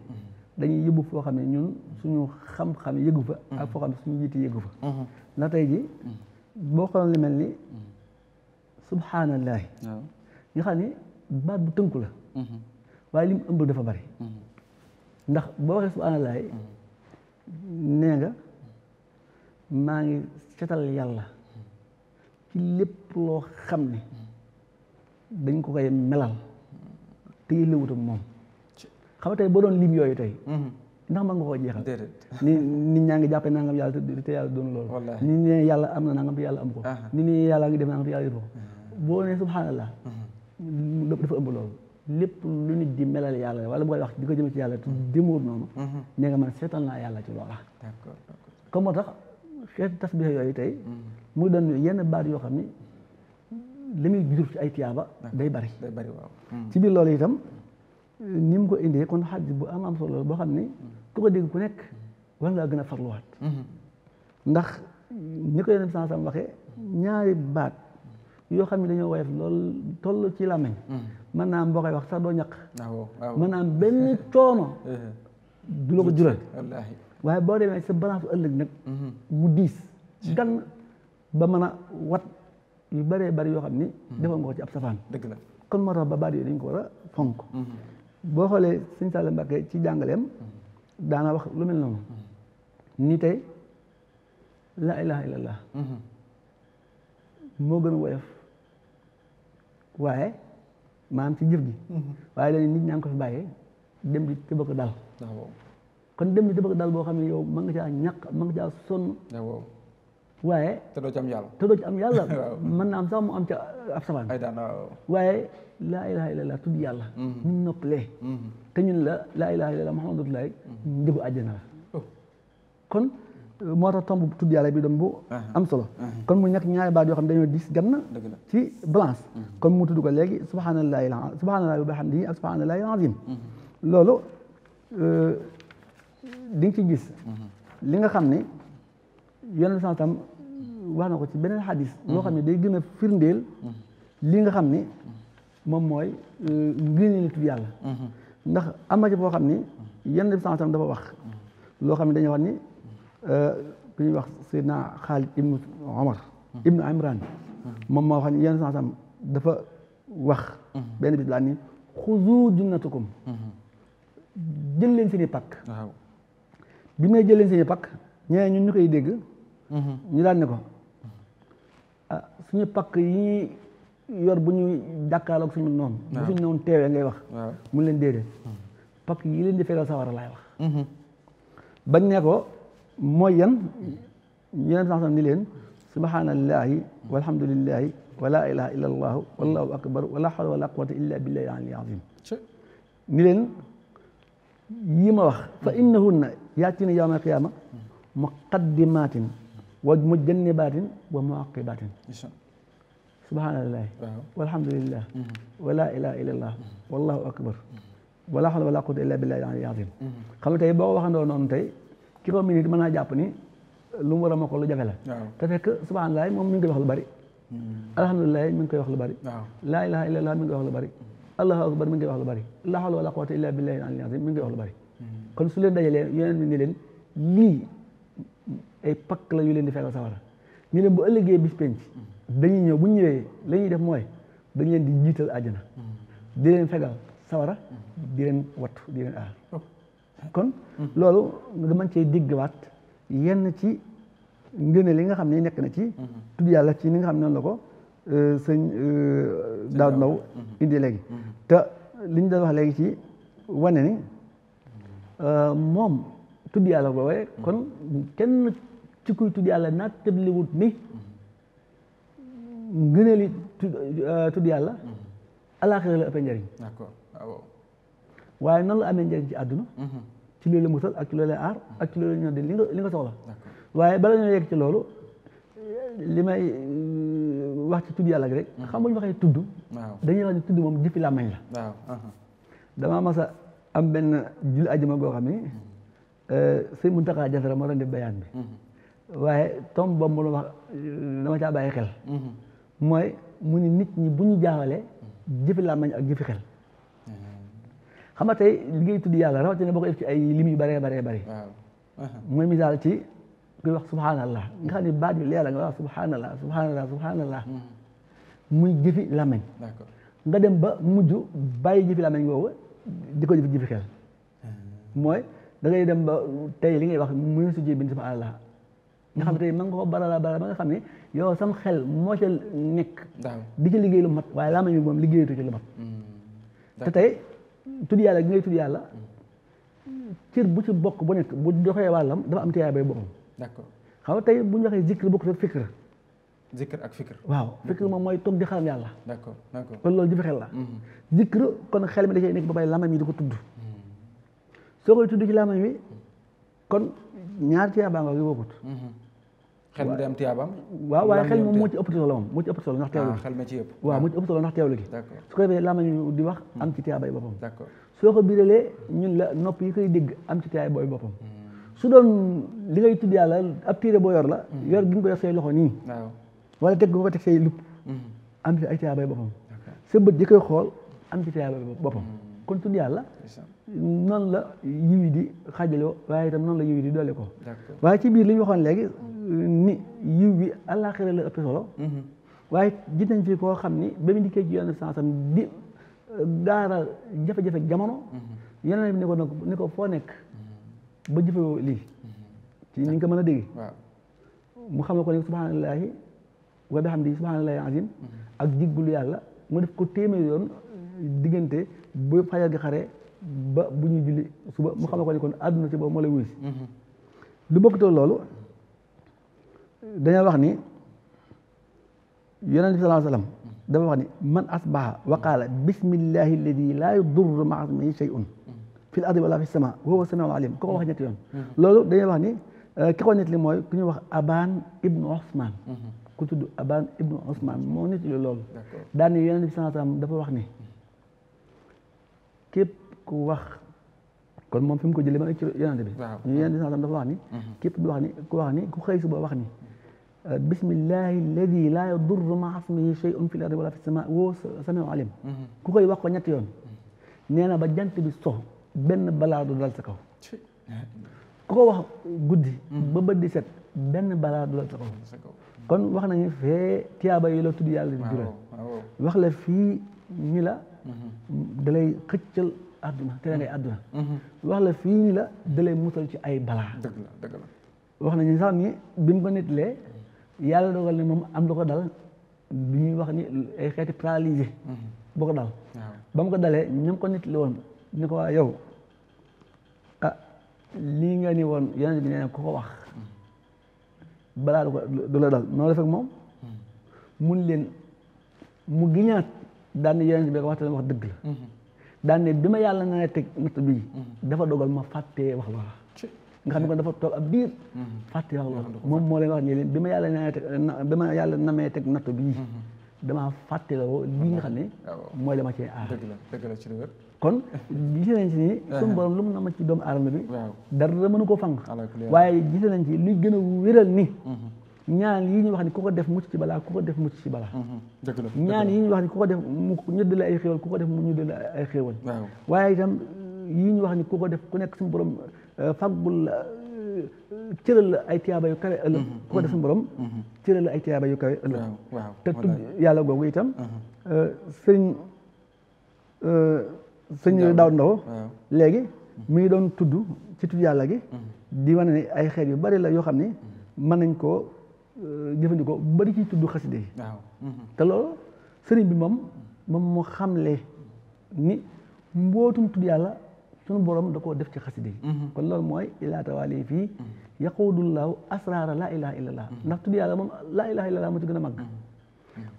dañuy yóbbu foo xam ne ñun suñu xam-xam yëgu fa ak foo xam ne suñu jiite yëgu fa ndax ji boo xooloon mel ni subhaanallaahi nga la mm-hmm. waaye li mu dafa bari mm-hmm. ndax nee nga maa ngi setal yàlla ci lépp dañ ko koy melal doon lim yooyu tey mm-hmm. ndax man nga koo jeexal ni nit ñaa ngi jàppee nangam yàlla te yàlla doon loolu ni ne yàlla am na nangam te yàlla am ko ni ne yàlla ngi def nangam te yàlla def ko boo ne subhanallah loolu lépp lu nit di melal yàlla wala bu koy wax di ko jëme ci yàlla démóor noonu ne nga man seetal naa yàlla ci loola comme moo tax xeeti tasbih yooyu tey mu doon yenn baat yoo xam ni li muy jur ci ay tiyaaba day bari hmm. ci biir loolu itam ni mu ko indee kon xaj bu am ku ko dégg ku nekk war ngaa gën a farluwaat ndax ni ko yeneen sansam waxee ñaari baat yoo xam ne dañoo woyof lool toll ci làmmiñ mën naa am boo koy wax sax doo ñaq ah, mën naa am benn coono du ko jural waaye boo demee sa balance ëllëg nag mhm. mu diis gan ba mën a wat yu bëree bëri yoo xam ni mhm. defoon nga ko ci ab safaan dëgg la kon moo tax ba baat yooyu dañ ko war a fonk mhm. boo xoolee sëñ Saliou Mbacké ci jàngaleem daana wax lu mel noonu ni tey la ilaha illallah mm-hmm. moo gën a woyof waaye maanaam ci jëf gi mm-hmm. waaye léegi nit ñaa ngi ko fi bàyyee dem di te bëgg dal kon dem di te bëgg dal boo xam ne yow mën nga caa ñàkk mën nga caa sonn waaye te doo ci am yàlla te am mën na am sax mu am ca ab sabaan waaye laa ilaha illallah tudd yàlla ñu mm-hmm. noppalee te ñun la laa ilaha illallah muhammadu rasulullah njëbu àjjana la kon moo tax tomb tudd yàlla bi doon bu am solo kon mu nekk ñaari baat yoo xam ne dañoo diis gan na ci balance kon mu tudd ko léegi subhanallahi subhanallahi wa bihamdihi ak subhanallahi alazim loolu euh, di nga ci gis li nga xam ne yonent bi tam wax na ko ci beneen xadis loo xam ne day gën a firndeel li nga xam ne moom mooy euh, ngëneelu tudd yàlla ndax am na ci boo xam ni yenn bi santam dafa wax loo xam ne dañuy wax ni euh, ku ñuy wax Seydina Xaalid ibnu Omar ibnu Imran moom moo wax ni yenn santam dafa wax benn bi laa ni xuzu junnatukum jël leen seen i pakk bi may jël leen seen i pakk ñeneen ñun ñu koy dégg mhm. ñu daan ne ko ah, suñu pakk yi yor bu ñuy jàkkaarloog suñu noonu. bu suñu noonu teewee ngay wax. mu leen déedéet. pakk yi leen di fegal sawara laay wax. Mm-hmm. bañ ne ko mooy yan yéen a ni leen subhanallahi walhamdulillahi wala ilaha illa allahu wallahu akbar wala hawla wala quwwata illa billahi aliyil azim ni leen yi ma wax fa innahunna yaatina yawma alqiyama muqaddimatin wa mujannibaatin wa muaqibatin subhanallah walhamdulillah mm-hmm. wala ilaha illallah mm-hmm. wallahu akbar mm-hmm. wala hawla wala quwwata illa billahi al-aliyyil azim xam nga tey boo waxandoo noonu tey ki ko minute mën naa jàpp ni lu mu war a ma ko lu jafe la te fekk subhanallah moom mi ngi koy wax lu bari alhamdulillah mi ngi koy wax lu bari la ilaha illallah mi ngi koy wax lu bari allahu akbar mi ngi koy wax lu bari la hawla wala quwwata illa billahi al-aliyyil azim mi ngi koy wax lu bari kon su leen dajalee yeneen mi ni leen lii ay pakk la yu leen di fegal sawara ñu ne bu ëllëgee bis penc dañuy ñëw bu ñu ñëwee la ñuy def mooy dañu leen di jiital àjjana mm. di fegal sawara mm. di leen wattu di leen oh. kon mm. loolu nga mën cee diggawaat yenn ci ngëne li nga xam ne nekk na ci mm-hmm. tudd yàlla ci ni nga xam ne noonu la ko euh, sëñ euh, Daawud Ndaw mm-hmm. indi léegi mm-hmm. te li ñu doon wax léegi ci wane ni euh, moom tudd yàlla boobee kon kenn ci kuy tudd yàlla naat tëbliwut ni ngëneeli tudd euh, yàlla mhm. alaaxira la ëppee njariñ d'accord ah, waaw waaye nan la ci àdduna mhm. ci loolu la musal ak ci loolu aar ak ci loolu la ñoo li nga li soxla waaye bala ñoo yegg ci loolu li may euh, wax ci tudd yàlla gi rek mhm. xam nga ñu waxee tudd dañuy wax ne tudd la uh-huh. damaa mas a am benn julli ajjuma goo xam ni euh, sëñ Muntaxa Jasara moo doon bayaan bi waaye tom boobu dama caa bàyyi xel mooy mu ni nit ñi bu ñu jaawale jëfi làmmiñ ak jëfi xel mm-hmm. xam nga tey li ngay tudd yàlla rawatina boo ko ci ay lim yu bëree bëree bëri uh-huh. mooy misaal ci kuy wax subhanallah nga xam ne baat bi leer la nga wax subhanallah subhanallah subhanallah mm-hmm. muy jëfi làmmiñ nga dem ba mujj bàyyi jëfi làmmiñ boobu di ko jëfi jëfi uh-huh. mooy da dem ba tey li ngay wax muy sujjee bin subhanallah nga xam te mën nga ba nga xam ne yow sam xel moo ca nekk di ci liggéey lu mat waaye laa ma ñu moom liggéeyatu ci lu mat mm. te tey tudd yàlla gi ngay tudd yàlla cër bu ci bokk bu nekk bu joxee wàllam dafa am tiyaay bay boppam d'accord xam nga tey bu ñu waxee zikr bokk sa fikr zikr waaw fikr moom mooy toog di xalam yàlla d'accord d'accord kon loolu jëfe xel la mm-hmm. zikr kon xel mi da cee ba bay lamañ di ko tudd mm-hmm. soo koy tudd ci lamañ wi kon ñaar tiyaay baa xel mu day am tiyaabaam waaw waaye xel moom moo ci ëpp solo moom moo ci ëpp solo ndax teewlu ah, xel ma ci ëpp waaw moo ci ëpp su ko defee di wax hmm. am ci tiyaabay boppam d'accord soo ko biralee ñun la nopp yi koy dégg am ci booy boppam hmm. su doon li ngay tudd yàlla ab téere boo yor la hmm. yor gi nga say loxo nii wala teg nga ko teg say lupp am ci ay tiyaabay boppam sa yi koy xool am ci tiyaabay boppam kon tudd yàlla noonu la yiw yi di xaajaloo waaye itam noonu la yiw yi di doole ko waaye ci biir li ñu waxoon léegi ni yiw bi àllaaxira la mhm. waaye gis nañ fi koo xam ni ba mu dikkee ci yoonu sansam di euh, gaaral jafe-jafe jamono mhm. yeneen ne ko foo nekk mhm. ba jëfewoo lii ci ni nga ko mën a dégg mu xam ne ko ne subhanallaahi wa bihamdihi subhanallaahi azim ak jiggulu yàlla mu def ko téeméer yoon diggante bu fajar gi ba bu ñuy julli suba mu xamal ko ni kon àdduna ci boobu moo lay wuyu si mhm. loolu dañoo wax ni yonent bi sallallahu alayhi man asbaha wa qaala bismillahi alladi laa yudurru ma'a ismihi shay'un fil ardi wala fis samaa wa huwa samiul alim ku ko wax ñetti yoon mhm. loolu dañuy eh, ki ko nettali mooy Abaan ibnu Usmaan mhm. ku Abaan ibnu Usmaan moo nettali loolu daal ni yonent bi sallallahu dafa wax ni képp ku wax kon moom fi mu ko jëlee ba nekk ci yonante bi ñu yonante bi dafa wax ni mhm. képp du wax ni ku wax ni ku xëy suba wax ni euh, bismillahi alladi laa yadurru ma asmihi shay'un fil ardi wala fis sama woo samiu alim mhm. ku xëy wax ko ñetti yoon mhm. nee na ba jant bi so benn balaa du dal sa kaw ku ko wax guddi ba bët di set benn balaa du dal sa kaw kon wax nañu fee tiyaaba yi la tudd yàlla di jural wax la fii ni la dalay xëccal àdduna te da ngay àdduna mm-hmm. wax la fii ni la dalay musal ci ay balaa dëgg la dëgg wax nañu sax ni bi mu ko nettalee yàlla dogal ne moom am lu ko dal bi ñuy wax ni ay xeeti paralysé mm-hmm. boo ko dal ba mu ko dalee ñoom ko nettali woon ni ko waa yow ah nga ni woon yonent bi nee na ko wax balaa du ko du la dal noonu la moom mm-hmm. mun leen mu giñaat daan na yeneen bi nga wax wax dëgg la. Mhm. daan ne bi ma yàlla na teg natt bii. Mhm. dafa dogal ma fàttee wax loola. nga xam ne kon dafa toog ab biir. Mhm. fàttee wax loola moom moo leen wax nii leen bi ma yàlla na teg bi ma yàlla namee teg natt bii. damaa fàtte la woo lii nga xam ne. Ah, mooy la ma cee aar. dëgg la dëgg la ci wér. kon gis nañ ni. Ah. suñu borom lu mu nama ci doomu aadama bi. dara mënu ko waaye gis nañ luy gën a wéral ni. ñaan yi wax ni ku ko def mu ci bala ku ko def mucc ci balaa ñaan yi ñu wax ni ku ko def mu ñëdd la ay xéewal ku ko def mu ñëdd la ay xéewal waaye itam yi ñu wax ni ku ko def ku nekk suñu borom euh, faggul la euh, cëral la ay tiyaaba yu kawe ëllëg mm-hmm. ku ko def suñu borom mm-hmm. cëral la ay tiyaaba yu kawe ëllëg te tudd yàlla googu itam mm-hmm. euh, sëriñ sëñ daaw ndaw léegi mi ngi doon tudd ci tudd yàlla gi di ay xeet yu bari la yoo xam ne mën nañ koo Euh, jëfandikoo bari ci tudd xaside yi mhm. te loolu sëriñ bi moom moom moo xamle ni mbootum tudd yàlla sunu borom da koo def ci xaside yi mhm. kon mhm. la mooy ilaa tawaali fii yaquudullaahu asraara laa ilaha illallah ndax tudd yàlla moom laa ilaha illallah moo ci gën a màgg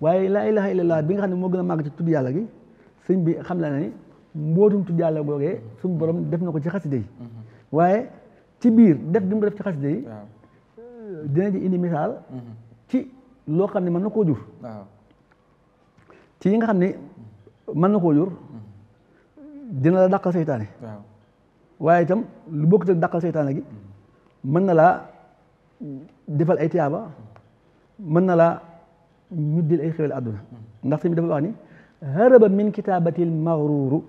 waaye laa ilaha illallah bi nga xam ne moo gën a màgg ci tudd yàlla gi sëriñ bi xam la ne mbootum tudd yàlla googee borom def na ko ci xaside yi waaye ci biir def gi mu def ci xaside dina ci indi misaal. Mhm. ci loo xam ne mën na koo jur. ci yi nga xam ne mën na koo jur. Mhm. dina la dàqal seytaane. waaye itam lu bokk te dàqal seytaane gi mhm. mën na laa defal ay tiyaaba mën na laa ñuddil ay xéwal àdduna ndax tamit dafa haraba min kitaabatil magruuru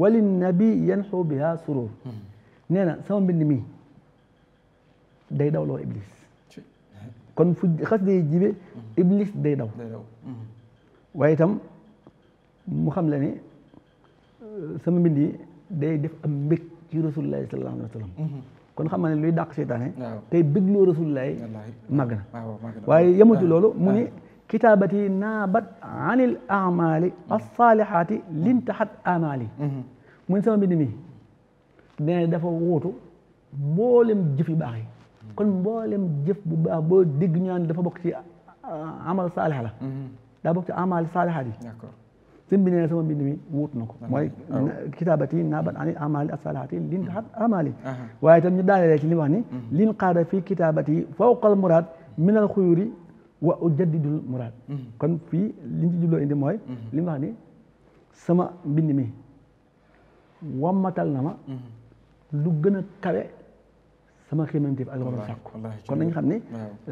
wali nabi yanxu biha suruur nee sama mbind mi day dawloo iblis kon fu xas day jibe mm-hmm. iblis day daw mm-hmm. waaye itam mu xam la ne euh, sama mbind day def am mbég ci rasulullahi sallallahu alayhi wa sallam mm-hmm. kon xam nga ne luy dàq seytaane tey bégloo rasulullahi màgg waaye yemu loolu mu ne kitaabati naabat anil amali alsaalihaati lintaxat amali mu ne sama mbind mi dina dafa wuutu mboolem jëf yu kon mboolem jëf bu baax boo dégg ñaan dafa bokk ci ah, amal saaliha la mm-hmm. daa bokk ci amal saaliha yi sëñ bi sama mbind mi wuut na ko mooy ah kitaabat yi naabat ani amali asalihat yi lin mm-hmm. taxat amali ah waaye itam ñu daalelee ci li ni mm-hmm. lin qaada fii kitaabat yi fawqal muraad min al xuyuri wa ujaddidul muraad kon fii liñ ci jubloo indi mooy li wax ni sama mbind mi wammatal na ma kawe sama xéemam téef àll moom sàkku kon nañ xam ne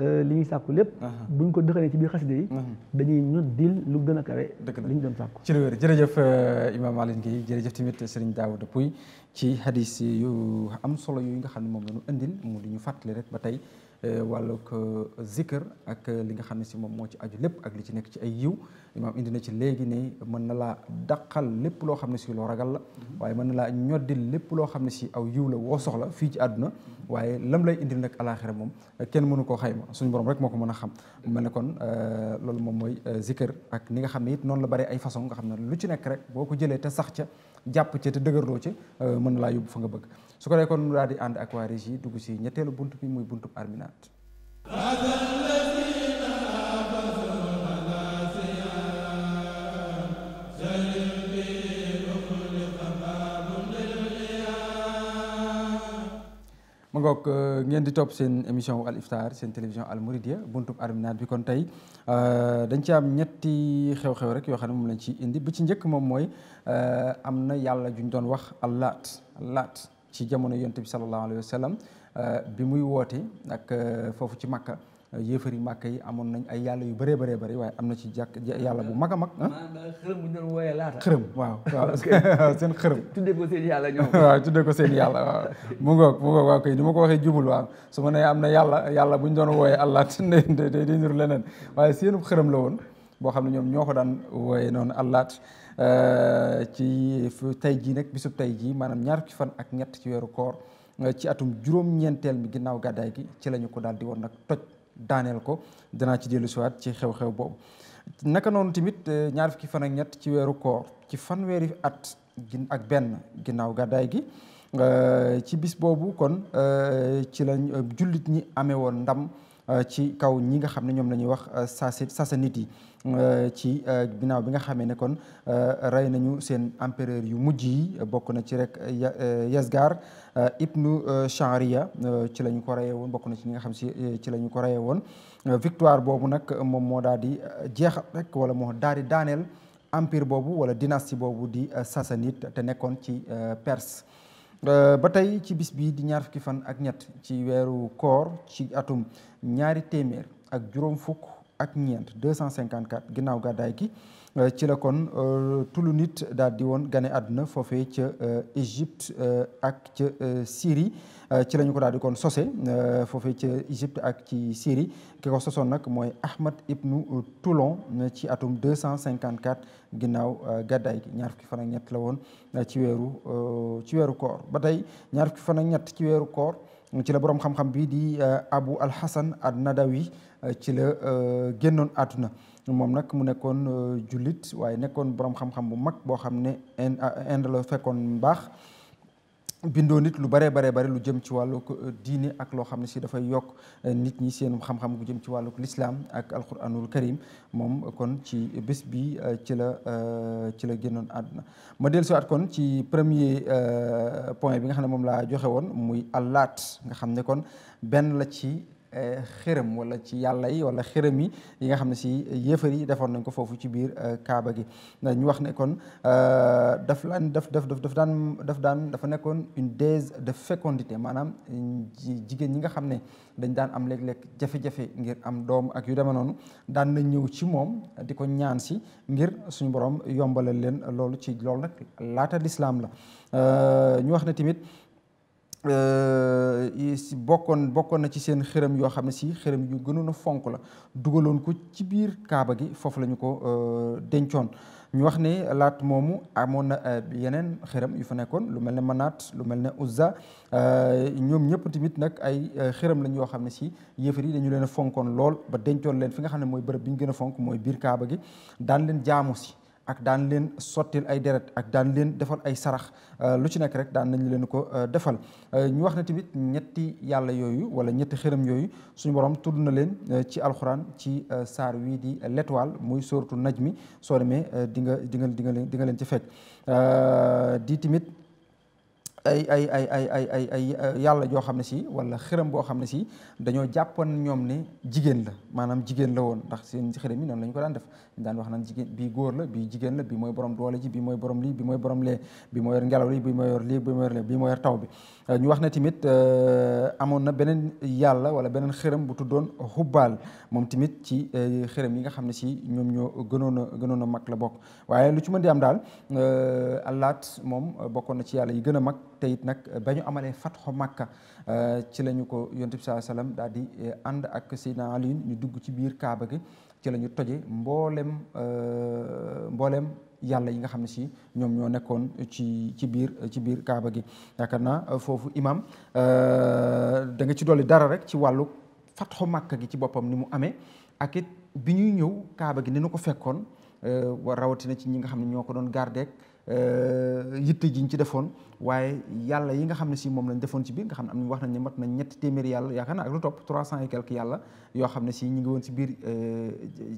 euh, li ñuy sàkku lépp buñ ko dëxalee ci biir xasida yi ñu ñoddil lu gën a kawe li ñu doon sàkku ci lu wér jërëjëf euh, Imam Aline Gueye jërëjëf tamit Serigne Daouda Pouye ci hadis yu am solo yu nga xam ne moom la ñu andil mu di ñu fàttali rek ba tey Euh, wàllug euh, zikr ak euh, li nga xam ne si moom moo ci aju lépp ak li ci nekk ci ay yiw imaam indi na ci léegi ne mën na laa daqal lépp loo xam ne si loo ragal la mhm. waaye mën na laa ñoddil lépp loo xam ne si aw yiw la woo soxla fii ci àdduna mhm. waaye lam lay indi nag alaxira moom kenn mënu koo xayma suñu borom rek moo ko mën a xam mel mhm. ne kon loolu moom mooy zikr ak ni nga xam ne it noonu la bare ay façon nga xam ne lu ci nekk rek boo ko jëlee te sax ca jàpp ca te mën na laa yóbbu fa nga bëgg su ko defee kon nu daal di ànd ak waa régie dugg si ñetteelu bunt bi muy buntub arminaat ma ngoog euh, ngeen seen émission wu Al Iftaar seen télévision Al Mouridiyyah buntub arminaat bi kon tey euh, dañ ci am ñetti xew-xew rek yoo xam ne moom lañ ci indi bi ci njëkk moom mooy euh, am na yàlla juñ doon wax allaat ci jamono yonent bi sallallahu alayhi wa sallam euh, bi muy woote ak euh, foofu ci makka euh, yéefari màkka yi amoon nañ ay yàlla yu bëree bëree bëri waaye am na ci jàkk yàlla bu mag a mag. Ah. xërëm bu ñu doon wooyee waaw waaw seen xërëm. seen yàlla ñoom. waaw yàlla waaw mu ngoog mu ngoog waaw kay ni ma ko waxee jubul waaw su ma ne am na yàlla yàlla bu ñu doon wooyee allah day day day niru leneen waaye seenu xërëm la woon boo xam ne ñoom ñoo ko daan wooyee noonu allaat ci tey jii nag bisub tey jii maanaam ñaar fan ak ñett ci weeru koor eh, ci atum juróom-ñeenteel mi ginnaaw gàddaay gi ci la ko daal di woon nag toj daaneel ko danaa ci dellu siwaat ci xew-xew boobu naka noonu tamit eh, ñaar fan ak ñett ci weeru koor ci fanweeri at gin ak benn ginnaaw gàddaay gi eh, ci bis boobu kon ci lañ jullit ñi amee woon ndam Euh, ci kaw ñi nga xam ne ñoom la ñuy wax euh, saasi sassanit yi euh, ci ginnaaw bi nga xamee ne kon rey nañu seen empereur yu mujj yi bokk na ci rek Yasgar ibnu Shariya ci lañu ko reyee woon bokk na ci ñi nga xam si ci lañu ñu ko reyee woon victoire boobu nag moom moo daal di jeex rek wala moo daal daaneel empire boobu wala dynastie boobu di sassanit te nekkoon ci Perse Euh, ba tey ci bis bii di ñaar fukki fan ak ñett ci weeru koor ci atum ñaari téeméer ak juróom fukk ak ñeent 254 ginnaaw gàddaay gi euh, ci la kon euh, tulu nit daal di woon gane àdduna foofee ca euh, Égypte ak ca Syrie ci la ko daal di kon sose foofee ca Égypte ak ci Syrie ki ko sosoon nag mooy Ahmad ibnu Toulon ci atum 254 ginnaaw gàddaay gi ñaar fukki fan ñett la woon ci weeru ci weeru koor ba tey ñaar fukki fan ñett ci weeru koor ci la borom xam-xam bi di euh, Abu al-Hasan an-Nadawi euh, ci la euh, génnoon àdduna moom nag mu nekkoon jullit waaye nekkoon borom xam-xam bu mag boo xam ne Inde la fekkoon mbaax. bindoo nit lu bare bare bare lu jëm ci wàllug euh, diine ak loo xam ne si dafay yokk euh, nit ñi seen xam-xam gu jëm ci wàllu wàllug lislaam ak alquranul karim moom kon ci bés bi euh, ci la ci la génnoon àdduna ma dellu siwaat kon ci premier point bi nga xam ne moom laa joxe woon muy àllaat nga xam ne kon benn la ci Eh, xërëm wala ci yàlla yi wala xërëm yi yi nga xam ne si yéefar yi defoon nañ ko foofu ci biir eh, kaaba gi ñu wax ne kon eh, daf laan daf daf daf daan daf daan dafa nekkoon une dèse de fécondité maanaam jigéen ñi nga xam ne dañ daan am léeg-léeg jafe-jafe ngir am doom ak yu demee noonu daan na ñëw ci moom di ko ñaan si ngir suñu borom yombalal leen loolu ci lool nag laata lislaam la ñu wax ne tamit Euh, si bokkoon bokkoon na ci seen xërëm yoo xam ne si xërëm yu gënoon a fonk la dugaloon ko ci biir kaaba gi foofu la ñu ko euh, dencoon ñu wax ne laat moomu amoon na euh, yeneen xërëm yu fa nekkoon lu mel ne manaat lu mel ne uzza ñoom ñëpp tamit nag ay xërëm lañ yoo xam ne si yéefar yi dañu leen fonkoon lool ba dencoon leen fi nga xam ne mooy bërëb bi ñu gën a fonk mooy biir kaaba gi daan leen jaamu si ak daan leen sottil ay deret ak daan leen defal ay sarax euh, lu ci nekk rek daan nañ leen ko euh, defal euh, ñu wax ne tamit ñetti yàlla yooyu wala ñetti xërëm yooyu suñu borom tudd na leen ci alxuraan ci saar wii di l'étoile muy naj mi soo demee di nga di nga di nga leen di nga leen ci fekk di tamit ay ay ay ay ay ay ay yàlla joo xam ne si wala xërëm boo xam ne si dañoo jàppoon ñoom ne jigéen la maanaam jigéen la woon ndax seen xërëm yi noonu la ñu ko daan def daan wax naan jigéen bii góor la bii jigéen la bii mooy borom doole ji bii mooy mooy borom lee bii mooy yor ngelaw li bii mooy yor lii bii mooy yor mooy taw bi ñu wax na tamit euh, amoon na beneen yàlla wala beneen xërëm bu tuddoon xubbaal moom tamit ci euh, xërëm yi nga xam ne si ñoom ñoo gënoon gënoon a mag la bokk waaye lu ci mën di am daal euh, allaat moom bokkoon na ci yàlla yi gën a mag te it nag ba ñu amalee fatxo Makka euh, ci lañu ko yonent bi saa salaam daal di euh, ànd ak Seydina ñu dugg ci biir Kaaba gi ci la ñu toje mboolem euh, mboolem yàlla yi nga xam ne si ñoom ñoo nekkoon ci ci biir ci biir Kaaba gi yaakaar naa foofu imam da nga ci dolli dara rek ci wàllu fatxo Makka gi ci boppam ni mu amee ak it bi ñuy ñëw Kaaba gi ni nu ko fekkoon rawatina ci ñi nga xam ne ñoo ko doon gardeek Euh, yitte jiñ ci defoon waaye yàlla yi nga xam ne si moom lañ defoon ci biir nga xam ne am wax nañ ne mat na ak lu topp trois cent et quelques yàlla yoo xam ne si ñu ngi woon ci biir euh,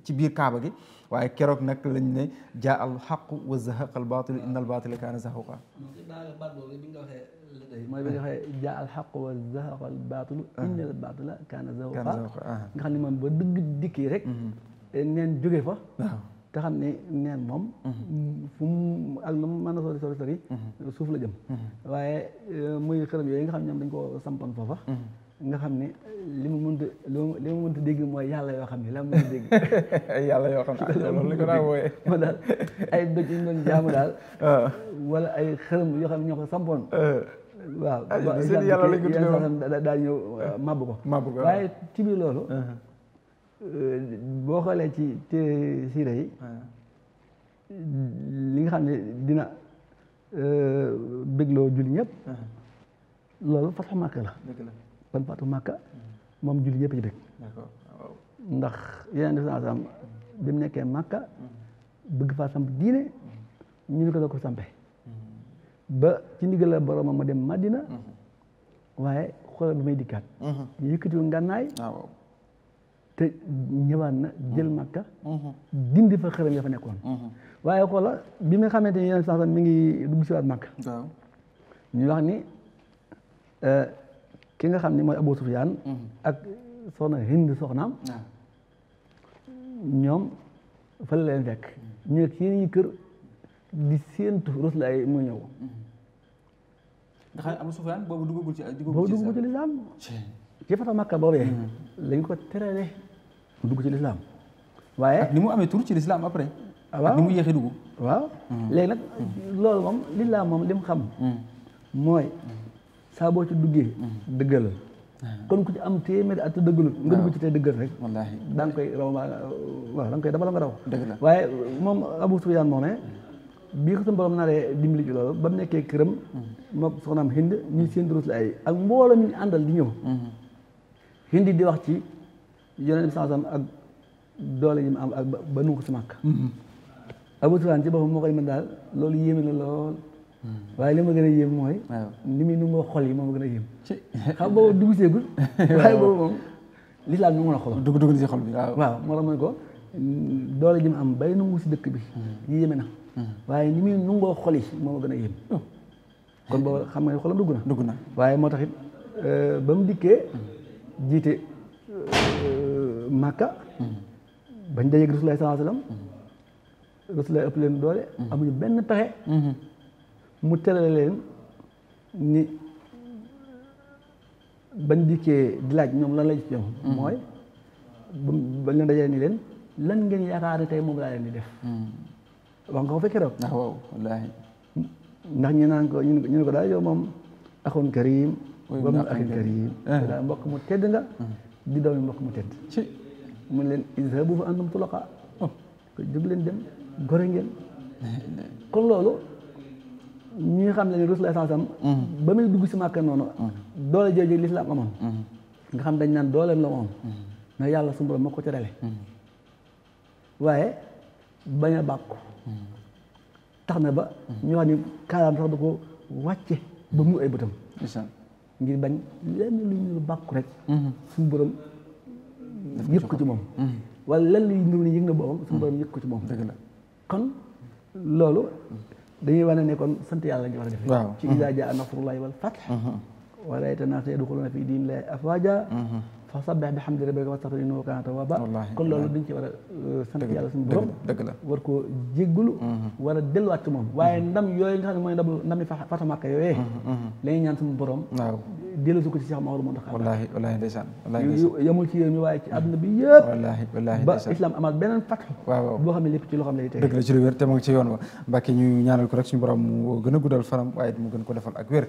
ci biir kaaba gi waaye keroog nag lañ ne jaa al xaq wa zahaqa al baatil inna al baatila kaana zahuqa mooy bi nga waxee jaa al xaq wa zahaqa al baatilu inna nga xam ne moom ba dëgg dikki rek mhm. neen joge fa te xam ne neen moom fu mu ak lu mu a sori sori mhm. suuf la jëm mhm. waaye euh, muy xërëm yooyu nga xam ne ñoom dañ koo sampoon foofa mhm. nga xam ne li mu mënta li mu mënta dégg mooy yàlla yoo xam ne laa mu mënta dégg ay yàlla yoo xam ah, la ko daan wooyee ma daal ay doj ñu doon jaamu daal ah. wala ay xërëm yoo xam ne ñoo ko sampoon ah. waaw seen yàlla lañ euh, màbb ko màbb ko waaye ci loolu uh-huh. boo xoolee ci téere siira li nga xam ne dina euh, bégloo julli ñëpp loolu fatxu màkka la kon fatxu màkka mm. moom julli ñëpp ci bég ndax yeneen def sa sam bi nekkee màkka mm. bëgg faa samp diine mm. ñu ne ko ko sampe ba ci ndigal la boromam ma dem Madina mm-hmm. waaye xoolal ba may dikkaat ñu mm-hmm. yëkkatiwul ngànnaay ah, te ñëwaat na jël makka. Mm-hmm. dindi fa xërëm ya fa nekkoon. Mm-hmm. waaye xoola bi nga xamante ni yeneen sax mi ngi dugg si waat makka. waaw ñu wax ni euh, ki nga xam ni mooy Abu Sufyaan mm-hmm. ak soxna Hind soxnaam. ñoom fële leen fekk. ñu nekk yéen ñi kër di séentu Rasulaay mu ñëw. nga xam ne Abu Sufyaan boobu duggagul ci boobu duggagul ci lislaam ci fata makka boobee. lañ ko terale dugg ci lislaam waaye ak ni mu amee tur ci lislaam après. waaw ah, ak ni mu yéexee dugg. waaw hmm. léegi nag loolu moom lislaam moom li mu xam. Hmm. mooy saa boo ci duggee. Hmm. dëggalal. Ah. kon ku ci am téeméeri at dëggalul nga dugg ci te dëggal rek. wallaahi da nga koy raw ma waaw da nga koy dabal nga raw. dëgg la waaye moom Abu Sufyaan moo ne. bii ko suñu borom naree dimbali ci loolu ba mu nekkee këram. moom soxnaam Hind ñuy seen durus la ay ak mbooloo mi ñu àndal di ñëw. Hind di wax ci. yonent bi sallallahu alayhi wasallam doole yi mu am ak ba nu ko ci màkk mhm. Abu daal loolu yéeme na mhm. waaye li ma gën a yéem mooy ni muy nu ngoo xol gën a yéem xam boobu dugg seegul waaye boobu moom lislaam ñu mën a ko doole ji mu am bay nangu si dëkk bi mhm. yéeme na waaye ni muy nungoo xol yi moom ma gën a yéem oh. kon boobu xam nga xolam dugg na dugg na waaye moo tax it euh, ba mu dikkee jiite euh, Màkka. bañ dajeeg Rasulullah sallallahu alayhi wasallam. ëpp leen doole. amuñu benn pexe. mu terale leen ni bañ dikkee di laaj ñoom lan la ci ñoom. mooy bañ leen dajale ni leen lan ngeen yaakaar ne tey moom laa leen di def. wax nga ko fekkee rek. Ah, ndax ñu naan ko ñu ne ko daal yow moom axoon karim. boobu axin karim. Ah. mbokk mu tedd nga. Ah. di doomi mbokk mu tedd. mu leen izhabu fa antum tulaqa oh, jóg leen dem gore ngeen kon loolu ñi nga xam ne rasulullah sallallahu mm-hmm. ba muy dugg si Màkka noonu mm-hmm. doole jooju lislaam amoon mm-hmm. nga xam dañ naan doole la moom na yàlla suñu borom moo ko ci rele waaye bañ a bàkku na ba ñu wax ni kaalaam sax ko wàcce ba mu ay bëtam ngir bañ lenn lu ñu bàkku rek suñu yëg ko ci moom wala lenn luy nuru ni yëg na boppam suñu borom yëg ko ci moom kon loolu dañuy wane ne kon sant yàlla lañu war a defee ci idaa jaa nasrullaahi wal fath mm-hmm. wa ra'aytan naasa yadxuluuna fi diinillaahi afwaaja mm-hmm. fa sabbih bihamdi rabbika wastaghfir innahu kaana tawwaaba kon loolu war a euh, sant yàlla suñu dëgg la war koo jéggulu mhm. war a delluwaat ci moom waaye mhm. ndam yooyu nga xam mooy ndamu ndam yi Fatu Makka yooyee mhm, la ñuy ñaan suñu borom waaw dellusu ko ci Cheikh Maodo Mountakha wallaahi wallaahi ndeysaan wallaahi yemul ci réew islam amaat beneen fatxu boo xam ne lépp ci loxoom lay tey dëgg la ci lu wér te mu ngi ci yoon wa Mbàkke ñu ñaanal ko rek suñu borom mu gën a guddal fanam waaye mu gën ko defal ak wér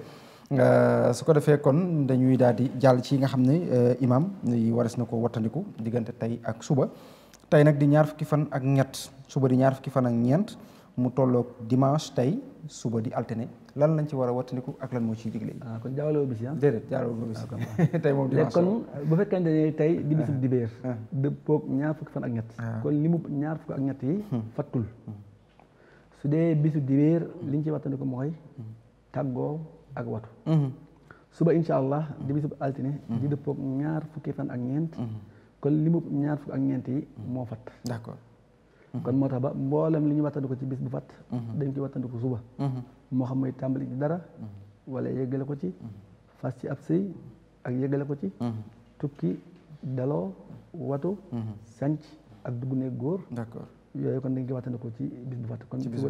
Euh, su ko defee kon dañuy daal di jàll ci yi nga xam ne euh, imaam yi wares na ko wattandiku diggante tey ak suba tey nag di ñaar fukki fan ak ñett suba di ñaar fukki fan ak ñeent mu tollook dimanche tey suba di altine lan lañ ci war a wattandiku ak lan moo ciy digle ah, yi. kon jaawaloo bis ah. déedéet jaawaloo bis ah, tey moom dimanche kon bu fekkee ne tey di bisu ah. ñaar fan ak ñett. kon li mu ñaar fukki ak ñetti yi. Hmm. fattul hmm. su dee bisu dibéer hmm. liñ ci wattandiku mooy tàggoo. ak watu mhm. suba incha allah di bisub altine di dëppoog ñaar fukki fan ak ñeent mhm. kon li mu ñaar fukk ak ñeent yi mhm. moo fat d'accord kon moo tax ba mboolem li ñu wattandiku ci bis bu fat dañ koy wattandiku suba moo xam muy tàmbali ci dara wala yëggale ko ci fas ci ab sëy ak yëggale ko ci tukki daloo watu sanc ak dugg néeg góor yooyu kon dañ koy waxtaanee ko ci bis bu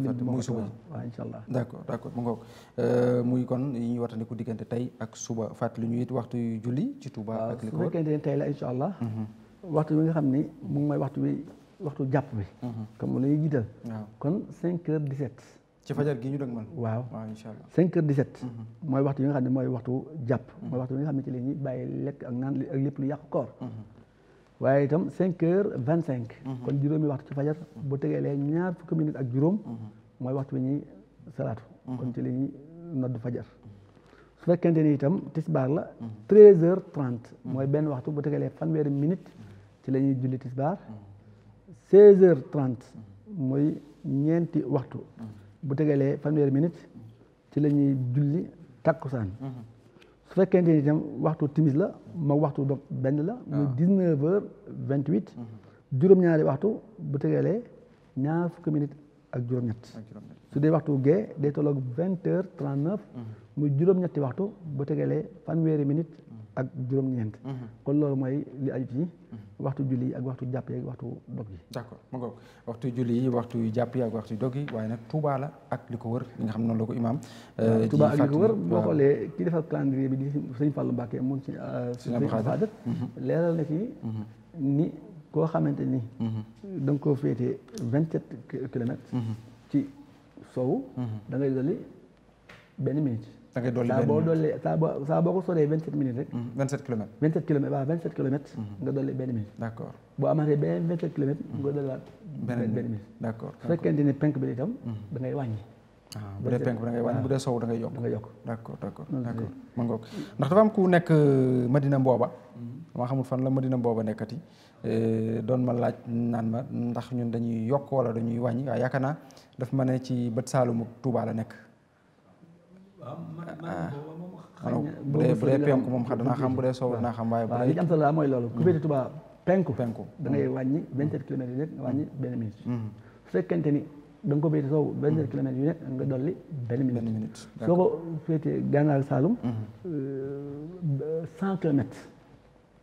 fàtt. ci muy suba waaw incha allah. d' accord mu ngoog euh, muy kon yi ñuy waxtaanee ko diggante tey ak suba fàttali ñu yit waxtu yu julli ci Touba ak li ko fekkente ne tey la mhm. nga xam ni moom mooy waxtu bi waxtu jàpp bi. comme mhm. la ñuy jiital. kon 5 heures 17. ci fajar gi ñu dëgmal. waaw waaw incha allah 5 heures 17. Mhm. mooy waxtu yi nga xam ne mooy waxtu jàpp. mooy waxtu bi nga xam ne ci leen ñuy bàyyi lekk ak naan ak lépp lu yàq koor. waaye itam cinq heures vingt cinq kon juróomi waxtu ci fajar bu tegeelee ñaar fukk minutes ak juróom mooy waxtu bi ñuy salaatu kon ci la nodd fajar su fekkente ni itam tisbaar la treize heures trente mooy benn waxtu bu tegeelee fanweeri minute ci la ñuy julli tisbaar seize heures trente mooy ñeenti waxtu bu tegeelee fanweeri minute ci la ñuy julli takkusaan su fekkee fekkente ni tam waxtu timis la ma waxtu dog benn la ah. muy dix-neuf heures vingt-huit mhm. juróom-ñaari waxtu bu tegalee ñaar fukk minutes ak juróom-ñett su dee waxtu gee day tolloog vingt heures trente-neuf mhm. muy juróom-ñetti waxtu bu tegalee fanweeri minutes ak juróom-ñeent. Mhm. kon loolu mooy li aju ci mhm. waxtu julli yi ak waxtu jàpp waxtu dog yi. d'accord waxtu julli yi waxtu jàpp yi ak waxtu dog waaye nag Touba ak li ko wër li nga xam noonu la ko imaam. ji euh, Touba ak li ko ki defal bi di sëñ Fallou Mbacké moom ci. Euh, sëñ Abdou Khadre mhm. leeral na ci ni koo xamante ni. danga ko koo féetee vingt sept kilomètres. ci sowu. da ngay dolli benn minute. da ngay dolli saa boo dolli saa boo saa boo ko soree vingt d' accord boo amaatee mm-hmm. benn vingt ne penk bi itam. Mm-hmm. Ah, da ngay wàññi. bu penk bi ngay wàññi bu dee sow da ngay yokk. da ngay d' accord ko ndax ku nekk euh, Madina Mbooba. maa mm-hmm. xamul fan la ma Madina Mbooba nekkati euh, doon ma laaj naan ma ndax ñun dañuy yokk wala dañuy wàññi waaye yaakaar naa daf ma ne ci bët Saalum Touba la nekk waaw ah, ah. bu dee bu dee penku moom xam danaa xam bu dee soow danaa xam waaye. waaw li am solo la mooy loolu. Mm. ku féete Touba penku. penku da ngay mm. wàññi vingt sept kilomètres yu nekk nga wàññi mm. benn fekkente ni da nga ko féete soow vingt sept kilomètres yu nekk nga dolli benn minute. benn minute soo ko féetee gànnaar Saalum. Euh, cent kilomètres.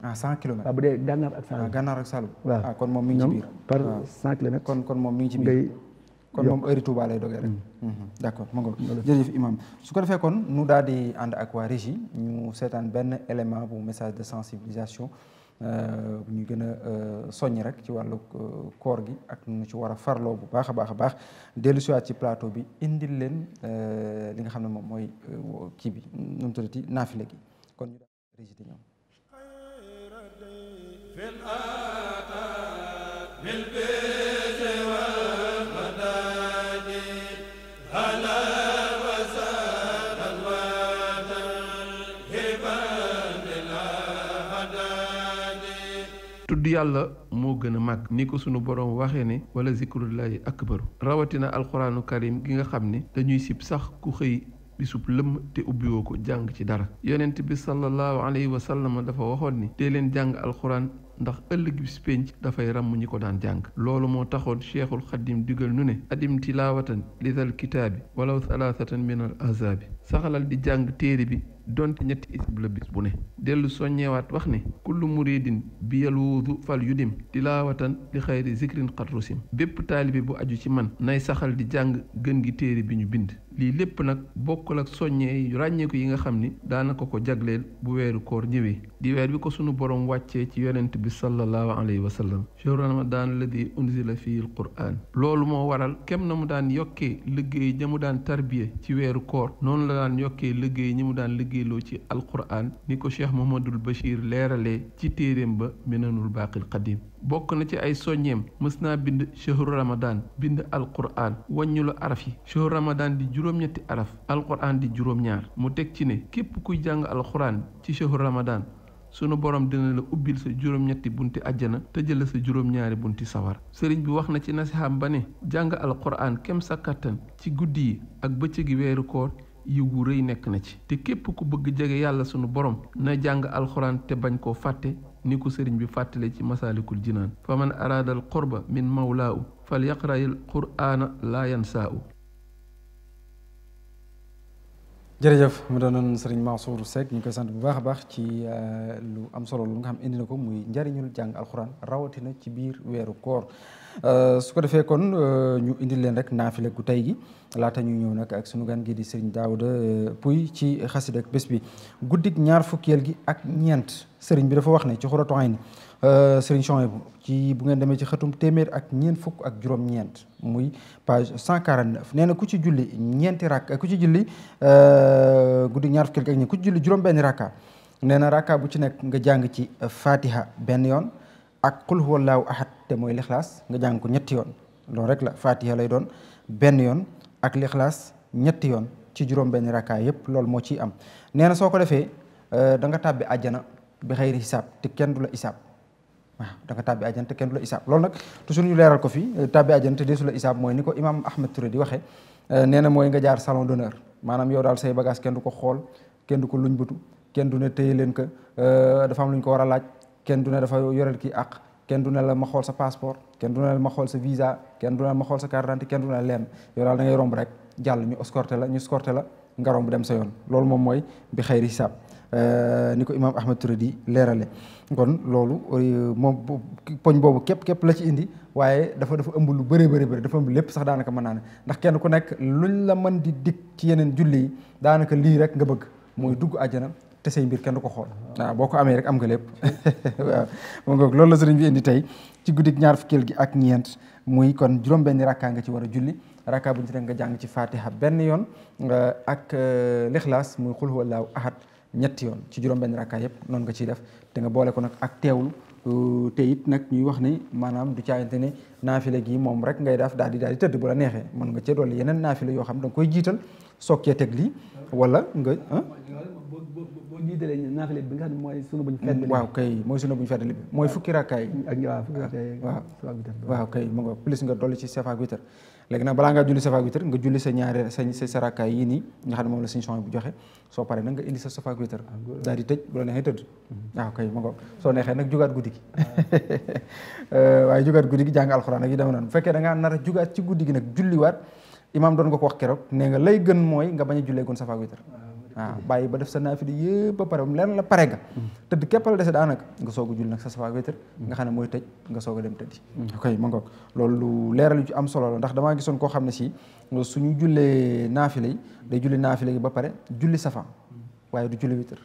ah cent kilomètres bu dee gànnaar ak Saalum. Ah, gànnaar ak Saalum. waaw kon moom mi ngi ci biir. par cent kilomètres. kon kon moom mi ngi ci biir. kon moom heure Touba lay dogee rek. Mm. Mm-hmm. su ko defee kon nu daal ànd ak waa régie ñu seetaan benn élément bu message de sensibilisation bu euh, ñu gën a euh, soññ rek ci wàllu euh, koor gi ak nu ci war a farloo bu baax a baax a baax dellu siwaat ci plateau bi indil leen li nga xam ne moom mooy kii bi nu mu tuddati naafile kon ñu daal régie di ñëw. yàlla moo gën a màgg ni ko sunu borom waxee ne wala zikrullahi akbaru rawatina alxuraanu karim gi nga xam ne dañuy sib sax ku xëy bisub lëmm te ubbiwoo ko jàng ci dara yonent bi sallallahu alayhi wa sallam dafa waxoon ni dee leen jàng alxuraan ndax ëllëg bis penc dafay ràmm ñi ko daan jàng loolu moo taxoon cheikhul xadim digal ñu ne adim tilaawatan lidal kitaabi walaw thalathatan min al azabi saxalal di jàng téere bi donte ñetti isib la bis bu ne dellu soññewaat wax ne kullu muridin bi yalwuudu fal yu yudim tilaawatan li xayri zikrin xat rusim bépp taalibe bu aju ci man nay saxal di jàng gën gi téere bi ñu bind lii lépp nag bokkul ak soññee ràññeeku yi nga xam ni daanaka ko jagleel bu weeru koor ñëwee di weer bi ko sunu borom wàccee ci yonent bi sallallahu alayhi wa sallam chehru ramadan alladi unzila fihi alquran loolu moo waral kem na mu daan yokkee liggéey ña mu daan tarbiye ci weeru koor noonu la daan yokkee liggéey ñi mu daan liggéeyloo ci alquran ni ko cheikh mohamadul bachir leerale ci téeréem ba minanul baaqil qadim bokk na ci ay soññeem mës naa bind chehru ramadan bind alquran wàññu la araf yi chehru ramadan di juróom-ñetti araf alquran di juróom-ñaar mu teg ci ne képp kuy jàng alxuraan ci chehru ramadan sunu borom dina la ubbil sa juróom-ñetti bunti àjjana tëjal la sa juróom-ñaari bunti sawar sëriñ bi wax na ci nasiham ba ne jàng alquran kem sa kattan ci guddi yi ak bëccëgi weeru koor yiw wu rëy nekk na ci te képp ku bëgg jege yàlla sunu borom na jàng alxuraan te bañ koo fàtte ni ko sëriñ bi fàttale ci masaalikul jinaan fa man araadal xor qurba min mawlaahu fal yaqra'il qur'aana laayan yansaa'u jërëjëf mu doonoon sëriñ Mansour Seck ñu koy sant bu baax a baax ci euh, lu am solo lu nga xam indi na ko muy njariñul jàng alxuraan rawatina ci biir weeru koor euh, su ko defee kon euh, ñu indi leen rek naafile gu tey gi laata ñu ñëw nag ak sunu gan gi di sëriñ Daouda Pouy ci xasida ak bi guddik ñaar fukkeel gi ak ñeent sëriñ bi dafa wax ne ci xuratu ayni Euh, Serigne Chouaïb bu ci bu ngeen demee ci xetum téeméer ak ñeent fukk ak juróom-ñeent muy page 149 nee na ku ci julli ñeenti rakk ku ci julli euh, guddi ñaar fukki ku julli juróom-benn rakka nee na rakka bu ci nekk nga jàng ci Fatiha benn yoon ak qul huwallaahu te mooy lixlaas nga jàng ko ñetti yoon loolu rek la Fatiha lay doon benn yoon ak lixlaas ñetti yoon ci juróom-benn rakka yëpp loolu moo ciy am nee na soo ko defee euh, da nga tàbbi àjjana bi xëyri hisaab te kenn du la hisaab. waaw da nga tàbbi te kenn du la isaab loolu nag toujours ñu leeral ko fi tàbbi àjjana te deesu la isaab mooy ni ko imam Ahmed Touré di waxee euh, nee na mooy nga jaar salon d'honneur maanaam yow daal say bagage kenn du ko xool kenn du ko luñ butu kenn du ne téye leen ko euh, dafa am lu ko war a laaj kenn du ne dafa yoreel kii àq kenn du ne la ma xool sa passeport kenn du ne la ma xool sa visa kenn du ne la ma xool sa carte d'identité kenn du ne la lenn yow daal da ngay romb rek jàll ñu escorté la ñu escorté la nga romb dem sa yoon loolu moom mooy bi xayri hisaab Euh, ni ko imaam Ahmad Touré di leerale kon loolu euh, moom poñ boobu képp képp la ci indi waaye dafa dafa ëmb lu bëree bëri bëri dafa ëmb lépp sax daanaka mën naa ne ndax kenn ku nekk luñ la man di dikk ci yeneen julli daanaka lii rek nga bëgg mooy dugg àjjana te say mbir kenn ko xool waaw boo ko amee rek am nga lépp waaw moom loolu la sëriñ bi indi tey ci guddik ñaar fukkeel gi ak ñeent muy kon juróom-benn rakkaa nga ci war a julli rakkaa bu ñu nga jàng ci fatiha benn yoon euh, ak lixlaas muy xul huwallaahu ahad ñetti yoon ci juróom-benn rakkaay yëpp noon nga ciy def te nga boole ko nag ak teewlu euh, te it nag ñuy wax ni maanaam du caayante ne naafile gi moom rek ngay def daal di daal di tëdd bu la neexee mën nga cee dolli yeneen naafile yoo xam ne da koy jiital soog cee teg lii wala nga boo jiitalee naafile bi nga xam ne mooy sunu buñ fedd waaw kay mooy sunu mooy fukki rakkaay yi waaw waaw kay mu nga plus nga dolli ci sefaak witar léegi nag balaa nga julli safaak witr nga julli sa ñaare sa sa rakkaay yi nii nga xam ne moom la suñu son bu joxe soo paree nag nga indi sa safaak witr ah, daal di tëj bu la neexee tëdd waaw mm-hmm. ah, kay ma soo neexee nag jugaat guddi gi euh, waaye jugaat guddi gi jàng alxuraan ak yi dama noonu bu fekkee da ngaa nar jugaat ci guddi gi nag julliwaat imaam doon nga ko wax keroog nee nga lay gën mooy nga bañ a jullee goon safaak witr ah. Ah. bàyyi ba def sa naafila yëpp ba pare lenn la pare nga hmm. tëdd képp la dese daanaka nga soog a jul nag sa safa wétër nga xam ne mooy tëj nga soog a dem tëddi hmm. ok ma ngoog loolu leeral yu ci am solo la ndax damaa gisoon koo xam ne si suñu jullee naafila yi day julli naafila yi ba pare julli safa hmm. waaye du julli wétër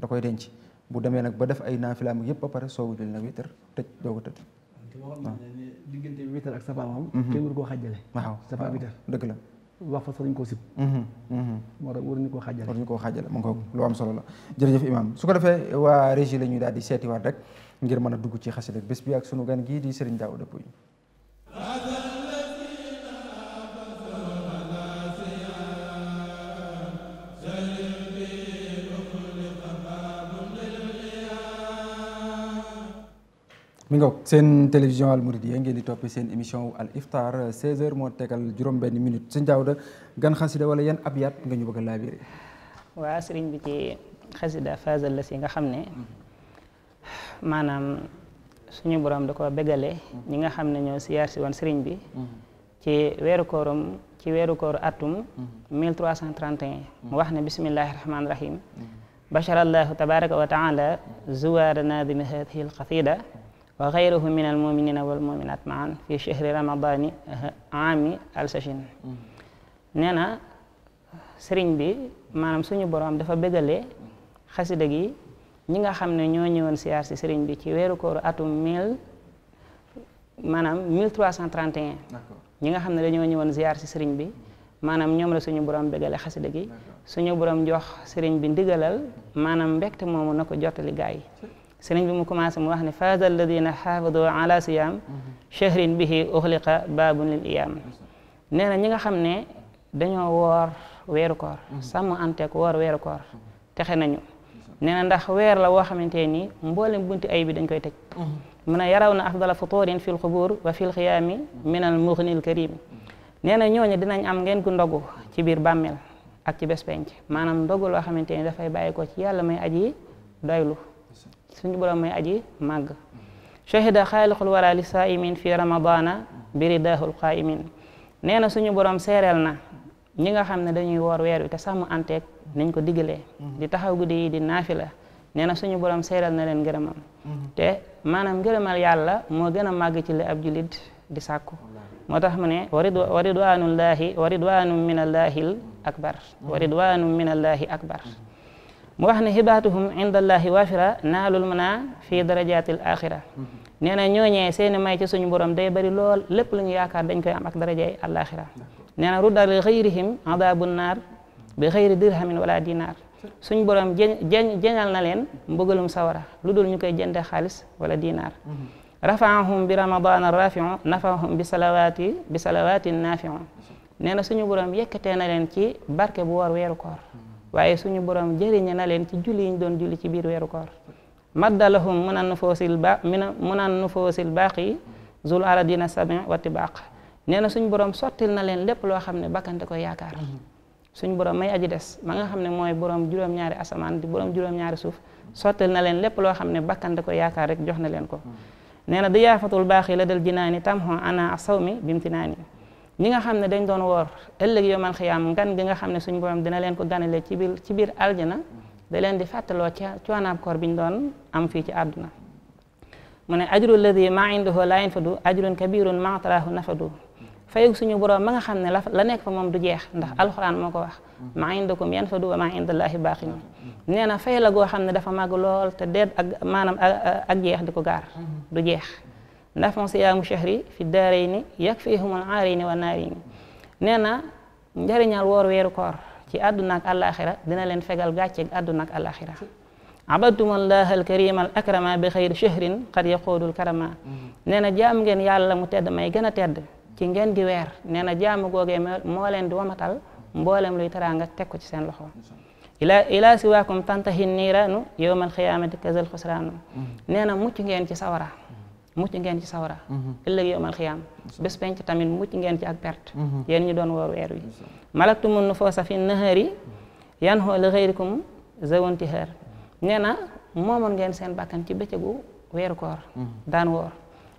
da koy denc bu demee nag ba def ay naafilaam yëpp ba pare soog a julli nag wétër tëj doog a tëdd diggante wétër ak safa moom kenn du ko xajjale dëgg la wax fa sax dañu koo sib mhm, mhm. moo tax waruñu koo xaajale waruñu koo xaajale mu ngi ko lu am solo la jërëjëf imam su ko defee waa régie la ñuy daal di seeti seetiwaat rek ngir mën a dugg ci xasida bés bi ak sunu gan gii di Serigne Daouda Pouye mi nga seen télévision Al Mouridiyyah ngeen di topp seen émission wu Al Iftar moo tegal juróom-benn minute sëñ Daouda gan xasida wala yan abiyat nga ñu bëgg a laabire. waaw sëriñ bi ci xasida Faazal la si nga xam ne mm-hmm. maanaam suñu borom da ko bégale mm-hmm. ñi nga xam ne ñoo siyaar si woon sëriñ bi. Mm-hmm. ci weeru kooram ci weeru kooru atum. 1331. mu wax ne bismillahi rahmaani tabaraka wa taala zuwaara naadimi hadihi wa xayruhu min al muminina wal muminat maan fi chehri ramadani ami alsachin nee na sëriñ bi maanaam suñu borom dafa bëggale xasida gi ñi nga xam ne ñoo ñëwoon siyaar si sëriñ bi ci weeru kooru atum mille maanaam mille trois cent trente et nga xam ne dañoo ñëwoon siyaar si sëriñ bi maanaam ñoom la suñu borom bégalee xasida gi suñu borom jox sëriñ bi ndigalal maanaam mbégte moomu na ko jottali gaa yi nañ bi mu commencé mu wax ne faaza alladina xaafadoo ala siyaam chahrin bihi uxliqa baabun lil iyaam nee na ñi nga xam ne dañoo woor weeru koor sàmm anteek woor weeru koor texe nañu nee na ndax weer la woo xamante ni mboolem bunti ay bi dañ koy tëj mun a yaraw na afdala futurin fil xubuur wa fil xiyaami minal muxnil karim nee na ñooñu dinañ am ngeen ku ndogu ci biir bàmmeel ak ci bés penc maanaam ndogul loo xamante ni dafay bàyyi ko ci yàlla may aji doylu suñu borom may aji màgg shahida xaaliqul wara li saaimin fi ramadana biridahul qaimin nee na suñu borom seereel na ñi nga xam ne dañuy woor weer wi te sax mu anteeg nañ ko digle mhm. di taxaw guddi yi di naafila nee na suñu borom seereel na leen ngërëmam mhm. te maanaam ngërëmal yàlla moo gën a màgg ci li ab julit di sàkku moo tax mu ne wa ridwa wa ridwanullahi wa ridwanum min allahi akbar wa ridwanum min allahi akbar mu wax ne hibaatuhum inda allahi waafira naalul mana fii darajatil axira nee na ñooñee seeni may ci suñu borom day bari lool lépp lu ñu yaakaar dañ koy am ak darajay alaxira nee na rudda li xayrihim adabu naar bi xayri dirhamin wala dinaar suñ borom jën jëñal na leen mbëgalum sawara lu dul ñu koy jënde xaalis wala dinaar rafaahum bi ramadana rafiu nafaahum bi salawaati bi salawaati naafiu nee na suñu borom yëkkatee na leen ci barke bu war weeru koor waaye suñu borom jëriñe na leen ci julli yi ñu doon julli ci biir weeru koor maddalahum mu naan nu foosil ba mi na mu naan nu foosil baax yi zul aradina sabin wati baax nee na suñu borom sottil na leen lépp loo xam ne bakkante ko yaakaar suñu borom may aji des ma nga xam ne mooy borom juróom-ñaari asamaan di borom juróom-ñaari suuf sottil na leen lépp loo xam ne bakkante ko yaakaar rek jox na leen ko nee na diyaafatul baax yi la del jinaani tam ho ana asaw mi bimtinaani ñi nga xam ne dañ doon woor ëllëg yawmal xiyaam ngan gi nga xam ne suñu borom dina leen ko ganale ci biir ci biir aljana da leen di fàttaloo ci coonaab koor bi ñu doon am fii ci àdduna mu ne ajru alladi maa indahu laa yanfadu ajrun kabirun maa taraahu nafadu fayug suñu borom ma nga xam ne la la nekk fa moom du jeex ndax alxuraan moo ko wax maa indakum yanfadu wa maa indallaahi baaqin nee na fay la goo xam ne dafa màgg lool te deet ak maanaam ak jeex di ko gaar du jeex ndaafam siyaamu shahri fi daarayni yakfiihum al wa naarayni nee na njariñal woor weeru koor ci àdduna ak àllaaxira dina leen fegal gàcceeg àdduna ak àllaaxira abadtum allaha al karima al akrama bi xayri shahrin qad yaquudul karama nee na jaam ngeen yàlla mu tedd may gën a tedd ci ngeen gi weer nee na jaamu googee moo leen di wamatal mboolem luy teraanga teg ko ci seen loxo ila ila siwaakum tantahi niiraanu yowmal xiyaamati kazal xusraanu mm-hmm. nee na ngeen ci sawara mucc ngeen ci sawara mhm. ëllëg yowmal xiyaam bés penc tamit mucc ngeen ci ak perte mhm. yéen ñu doon woor weer wi malaktu mun nu foo sa fi nahari yan xoo li xëyrikum zawanti xër mhm. nee moomoon ngeen seen bakkan ci bëccëgu weeru koor daan woor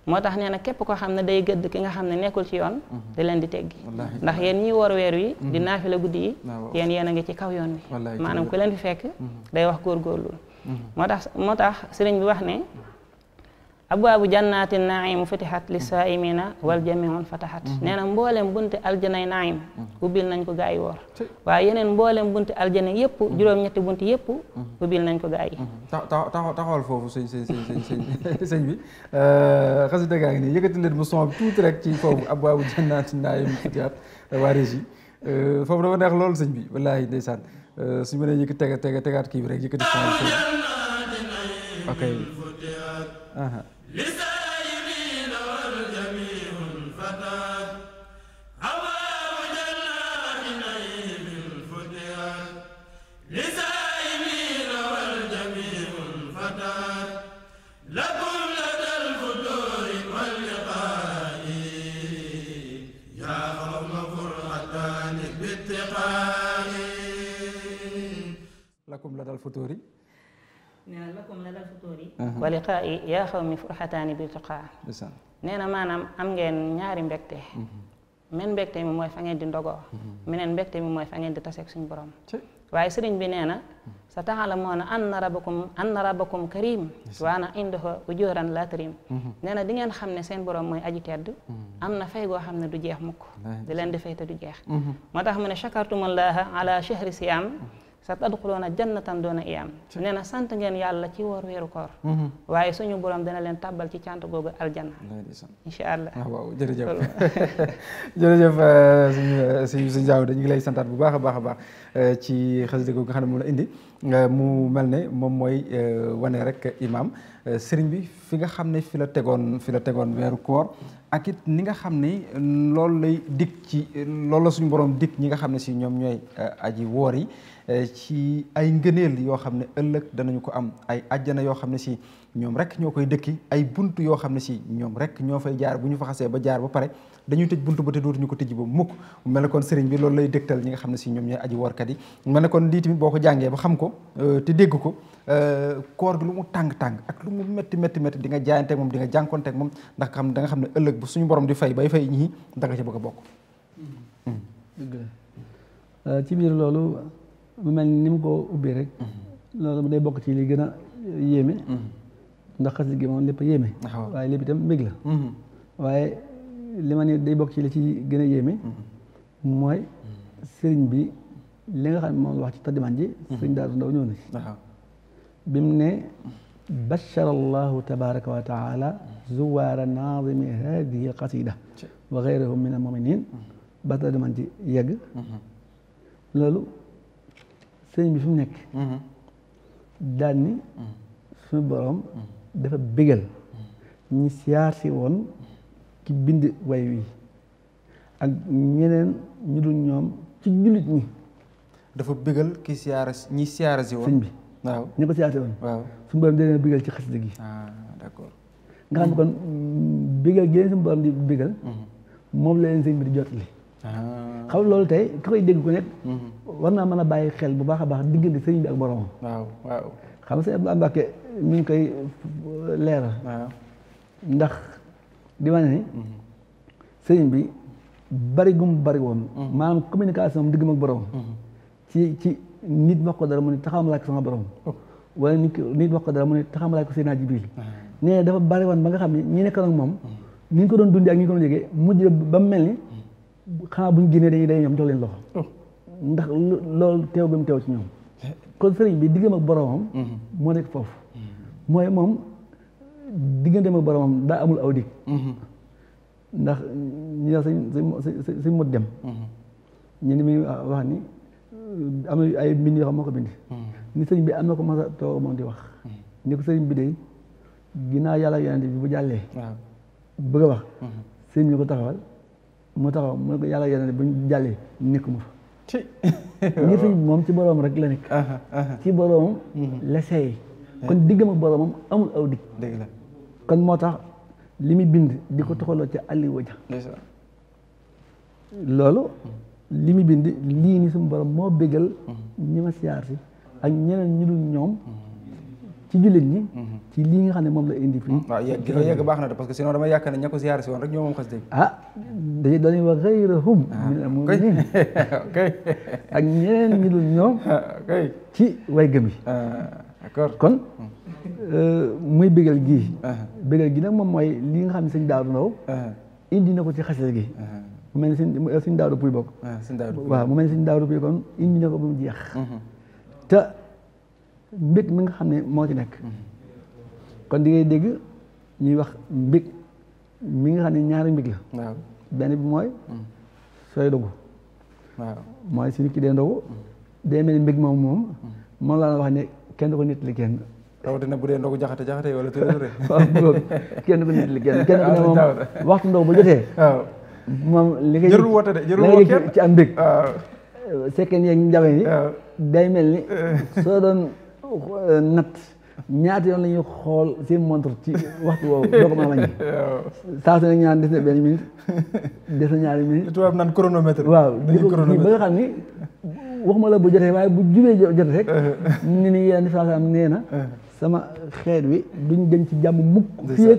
moo tax nee na képp koo xam ne day gëdd ki nga xam ne nekkul ci yoon da leen di teggi ndax yéen ñiy woor weer wi di naafila guddi yi yéen yéen a ngi ci kaw yoon wi maanaam ku leen fi fekk day wax góorgóorlu moo tax moo tax waa abwaabu jannaati naim futihat li saimina wal jamiun fatahat mhm. nee na mboolem bunti aljanay naim mhm. ubbil nañ ko gaa yi woor waaye yeneen mboolem bunti aljana yëpp mhm. juróom-ñetti bunti yëpp ubbil nañ ko gaa yi taxawal foofu sëñ sëñ sëñ sëñ bi euh, xasida gaa ngi nii yëkkati leen mu son bi tuuti rek ci foofu abwaabu jannaati naim futihat waa régi euh, foofu dafa neex loolu sëñ bi wallaahi ndeysaan euh, suñu mënee yëkkati tega tega tegaat kii bi rek yëkkati son bi ok lakum la dal futuuri neena lakum la dal futóori wa furxataani bi tuqaa nee na maanaam am ngeen ñaari mbégte mhm. men mbégte mi mooy fa ngeen di ndogoo mhm. meneen mbégte mi mooy fa di taseeg suñ borom waaye sëriñ bi nee na mhm. sa taxala moo na an na rabakum an na rabakum karim waana indahu ujuran la tarim nee na di ngeen xam ne seen borom mooy aji tedd am na fay goo xam ne du jeex mukk di leen di fay te du jeex moo tax mu ne chakartumullaha ala chahri siyaam sa tadxuluuna jannatan doona iyaam nee na sant ngeen yàlla ci woor weeru koor mm-hmm. waaye suñu borom dana leen tàbbal ci cant googu aljanna incha allah ah, waaw jërëjëf jërëjëf suñu suñu jaaw dañu ngi lay santaat bu baax a baax a baax euh, ci xasida googu nga xam ne la indi euh, mu mel ne moom mooy euh, wane rek imaam sëriñ bi fi nga xam ne fi la tegoon fi la tegoon weeru koor ak it ni nga xam ne loolu lay dikk ci loolu la suñu borom dikk ñi nga xam ne si ñoom ñooy aji woor yi Euh, ci ay ngëneel yoo xam ne ëllëg danañu ko am ay ajjana yoo xam ne si ñoom rek ñoo koy dëkki ay bunt yoo xam ne si ñoom rek ñoo fay jaar bu ñu fa ba jaar ba pare dañuy tëj bunt ba te dootuñu ko tëj ba mukk mu mel ne kon sëriñ bi loolu lay dëgtal ñi nga xam ne si ñoom ñooy aji woorkat yi mu mel ne kon lii boo ko jàngee ba xam ko euh, te dégg ko euh, koor gi lu mu tàng-tàng ak lu mu métti métti métti di nga jaayanteeg moom di nga jànkoonteeg moom ndax xam da nga xam ne ëllëg bu suñu borom di fay bay fay ñii da nga hmm. hmm. ci bokk mu mel ni mu ko ubbee rek. Mhm. loolu day bokk ci li gën a yéeme. Mhm. ndax xasida gi moom lépp a yéeme. Ah, waaye lépp itam mbég la. Mhm. waaye li ma ne day bokk ci li ci gën a mooy sëriñ bi li nga xam ne moom la wax ci taddimaan ji. sëriñ Daaru Ndaw ñëw na ci. bi mu ne. bachara allahu tabaraka wa taala zuwaara naazimi haadihi alqasida wa gayrahum min almuminin ba taddimaan ji yegg. sëñ bi fi mu nekk mm-hmm. daal ni mm-hmm. suñu mm-hmm. dafa bégal ñi siyaar si woon ki bind way wi ak ñeneen ñu dul ñoom ci jullit ñi dafa bégal ki siyaara ñi siyaara si bi waaw ñi ko siyaar si woon waaw suñu borom dina bégal ci xasida gi ah, d'accord nga xam ne kon mm, bégal gi leen suñu di bégal moom la leen sëñ bi di jot li Ah. xaw loolu tey ku koy dégg ku nekk. Mhm. war naa mën a bàyyi xel bu baax a baax diggante sëriñ bi ak boroomam. waaw waaw xam nga mi ngi koy leeral. di wane ni. Mhm. bi bari gum bari woon. Mhm. maanaam communication am diggam ak boroom. ci ci nit wax ko dara mu ne taxaw laaj ko sama borom. Oh. wala nit ko dara mu ne taxawam laaj ko seen Jibril. Ah. nee dafa bari woon ba nga xam ne ñu nekk ak moom. ni ñu ko doon dundee ak ñi ko doon jege mujj ba mu mel ni. xanaa bu ñu génnee dañuy day ñoom jox leen loxo. Oh. ndax loolu teew bi mu teew ci ñoom. kon sëriñ bi diggam ak boromam. Mm-hmm. moo nekk foofu. Mm-hmm. mooy moom digganteem ak boromam daa amul aw dig. Mm-hmm. ndax ñu ne sëñ sëñ sëñ mot wax ni euh, ay mbind yoo xam moo ko sëriñ bi am na ko mas a toog moom di wax. nekk sëriñ bi de ginnaaw yàlla ak yonent bi bu jàllee. waaw bëgg wax. sëriñ bi ko taxawal. mu taxaw mu ne yàlla yeneen bu ñu jàllee nekkuma moom ci boroom rek la nekk ci boroom mhm. la seey eh. kon diggam ak boroomam amul aw dig dëgg kon moo tax li muy bind di ko toxaloo ca àlli waja loolu mhm. li muy bind lii ni suñu borom moo bégal mhm. ñi ma siyaar si ak ñeneen ñu dul ñoom ci jullit ñi ci lii nga xam ne moom la indi fii. waaw ah, yegg baax na de parce que sinon dama yaakaar ne ña xas dégg. ah dañuy dañuy wax xayrahum. ah kay kay. ak ah, ci way gëm yi. Ah, kon hmm. euh, muy bégal gii. bégal gi nag moom mooy li nga xam ne sëñ Daaru Ndaw indi na ko ci xasida gi. mu mel ni sëñ Daaru Puy bokk. waaw mu mel ni sëñ Daaru Puy kon indi na ko ba mu jeex. Hmm. te mbég mi nga xam ne moo ci nekk. Hmm. kon di ngay dégg ñuy wax mbég mi nga xam ne ñaari mbég la. waaw benn bi mooy. Mm. sooy dogu. waaw mooy suñu ki dee ndogu. Mm. day mel ni mbég moom moom. Mm. la laa wax ne kenn du ko nit li kenn. bu dee kenn ko nit li kenn kenn ku ne moom waxtu ndogu ba jotee. moom li ngay. jërul woote de jërul ci am mbég. waaw sekkeen yeeg njaboot yi. day mel ni soo doon eh, natt. ñaata yoon lañuy ñuy xool seen montre ci waxtu woowu document lañu saa su ñaan def na benn minute def na ñaari minute tubaab naan chronomètre waaw ba nga xam ni la bu jotee waaye bu jubee jot rek ni ni yenn saa saa nee na eh. sama xeet wi duñ dem ci jàmm mukk fii ak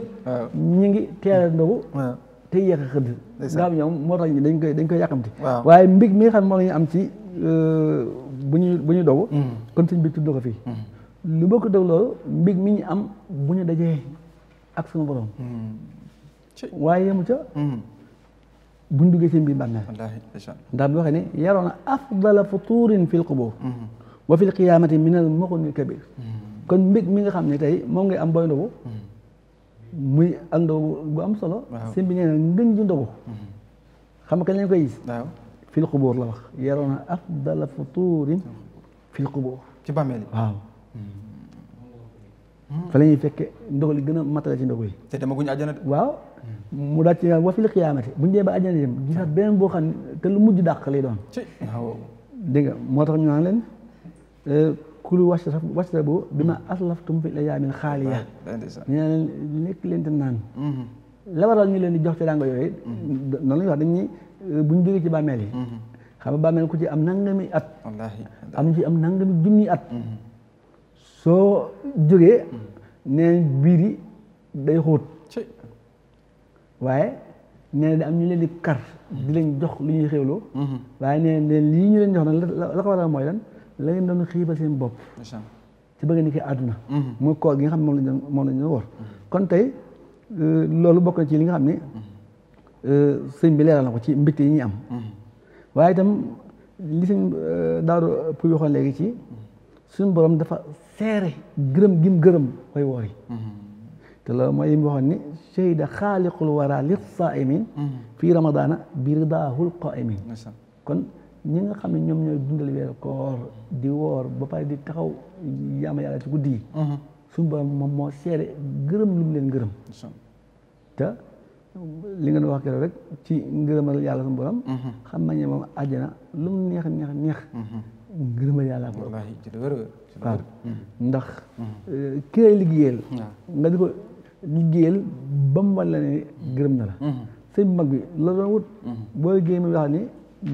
ñi ngi teel a eh. te yéex a xëdd nga am ñoom moo tax dañ koy dañ koy yàqamti waaye mbig mi nga xam moo la am ci euh, bu ñu bu ñu dogu hmm. kon suñ mbig tuddoo ko fii hmm. lu bokk dëgg loolu mbig mi ñu am bu ñu dajee ak sunu borom. Hmm. waaye yemu ca. Hmm. buñ duggee seen biir bàmmeel. ndax bi waxee ne yaroona afdala futurin fil hmm. wa fil qiyaamati minal muqnil kabir kon mbég mi nga xam ne tey moom ngay am booy ndogu muy ak ndogu bu am solo. seen bi nee na ndogu. xam nga kañ lañ koy gis. waaw fil qubur la wax fa la ñuy fekke ndogal li gën a matale ci ndogal yi te demaguñu waaw mu da ci wa fil xiyaamati bu ñu dee ba àjjana dem gisaat beneen boo xam ne te lu mujj dàq lay doon waaw dégg nga moo tax ñu naan leen euh, kulu wacta wactarabu bi ma aslaftum fi ayaamin xaaliya ñu naan leen lekk leen te naan mm-hmm. la waral ñu leen di jox teraanga yooyu mm-hmm. noonu la ñuy euh, bu ñu jógee ci yi mm-hmm. xam nga bàmmeel ku ci am nangami at am ci am nangami junni at soo jógee mm. nee biir yi day xóot waaye nee da am ñu leen di kar mm. di leen jox lu ñuy xéwloo mm-hmm. waaye nee leen lii ñu leen jox na la ko waral mooy lan la ngeen doon xiibal seen bopp ci bëgg nekkee àdduna mm-hmm. muy koor gi nga xam ne moom lañ moom lañ doon war mm-hmm. kon tey euh, loolu bokk ci li nga xam ne euh, sëñ bi leeral na ko ci mbégte yi ñu am waaye itam li sëñ euh, daaw pour waxoon léegi ci suñu borom dafa seere gërëm gim gërëm way woori mm-hmm. te la mooy mu waxoon ni shahida xaaliqul wara li saaimin mm-hmm. fii ramadana bi ridaahul qaaimin kon ñi nga xam ne ñoom ñooy dundal weer koor di woor ba pare di taxaw yaama yàlla ci guddi yi mm-hmm. suñu borom moo seere gërëm lu leen gërëm te li ngeen wax keroog rek ci ngërëmal yàlla suñu borom xam nañ ne moom àjjana lu mu ngërëmal yàlla ko waaw ndax mm-hmm. eh, ki lay liggéeyal nga di ko liggéeyal ba mu wan la ne gërëm na la mm-hmm. sëñ mag bi la doon wut mm-hmm. boo liggéey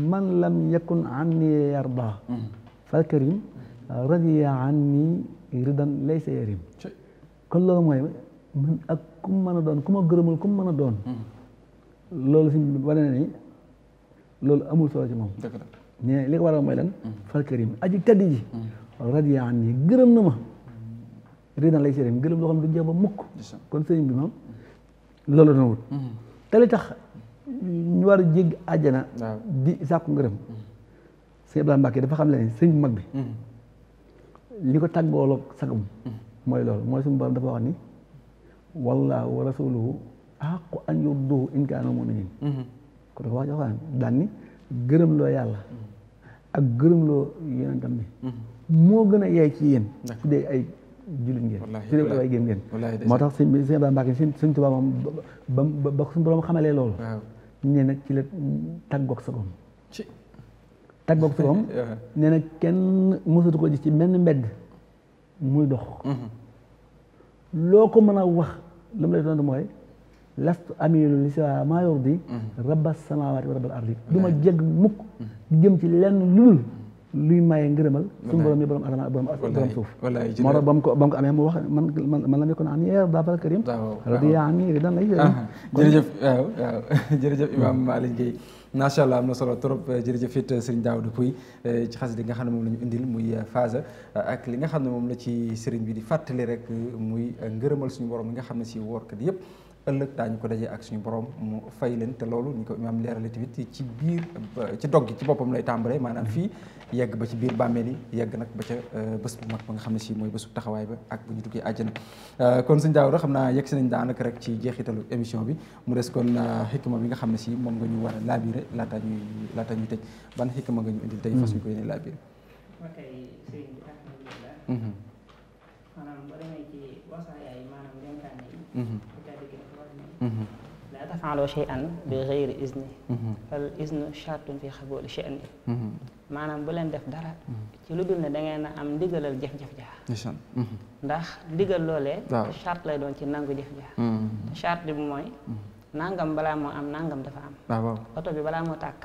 man lam yakun anni yarda karim radiya anni yarim kon loolu mooy man ak ku mu mën a doon ku ma gërëmul ku mën a doon loolu si wane loolu amul solo ci moom ne li ko waral mooy lan fal karim aji tedd ji radiya gërëm na ma rida lay sérim gërëm loo xam du jeex ba kon sëriñ bi moom loolu doon wut mm-hmm. te li tax ñu war a jégg àjjana di sàkku ngërëm sëñ Ibrahima dafa xam le ne sëriñ mag bi mm-hmm. li ko tàggooloog sagum mm-hmm. mooy lool mooy suñu borom dafa wax ni wallaahu wa rasuluhu aqu an in kaanu muminin ko dafa wax joxaan daan gërëm loo yàlla ak gërëmloo yonentam bi moo gën a yaay ci yéen su dee ay jullit ngeen su dee ay gëm ngeen moo tax sëñ sëñ Ibrahima Mbacke sëñ Tuubaa moom ba ba borom xamalee loolu nee nag ci la tàggoog sa borom tàggoog sa borom nee kenn mësatu ko gis ci benn mbedd muy dox mm-hmm. loo ko mën a wax la mu lay tontu mooy lastu amilu li siwa maa yurdi mhm. rabba samawati wa rabbal ardi du ma jégg mukk di mhm. jëm ci lenn lu dul luy maye ngërëmal suñu borom yi borom asamaan borom borom suuf moo tax ba mu ko ba mu ko amee mu wax man man la nekkoon am yeer daafal karim solo trop eh, jërëjëf it eh, Serigne Daouda xas di nga xam ne moom la ñu indil muy phase eh, ak li nga xam ne moom la ci Serigne bi di fàttali rek muy ngërëmal suñu borom li nga xam ne si woorkat yëpp ëllëg daañu ko dajee ak suñu borom mu fay leen te loolu ni ko imaam leerale tamit ci biir ci dog ci boppam lay tàmbalee maanaam fii yegg ba ci biir bàmmeel yi yegg nag ba ca euh, bés bu mag ba nga xam ne si mooy bésu taxawaay ba ak bu ñu duggee euh, kon suñ daaw xam naa yegg si nañ daanaka rek ci jeexitalu émission bi mu des kon euh, xikma bi nga xam ne si moom nga ñu war a laabiré laata ñuy laata tëj ban xikma nga ñu indil tey hmm. fas ñu ko yéene laabiré maanaam boo demee ci wasaaya yi laa tafaaloo shay'an bi ghayri izni fal iznu shartun fi xabooli sha'ni maanaam bu leen def dara ci lu dul ne da ngeen a am ndigalal jëf-jëf jaa ndax ndigal loolee charte lay doon ci nangu jëf jaa charte bi mooy nangam balaa moo am nangam dafa am oto bi balaa moo tàkk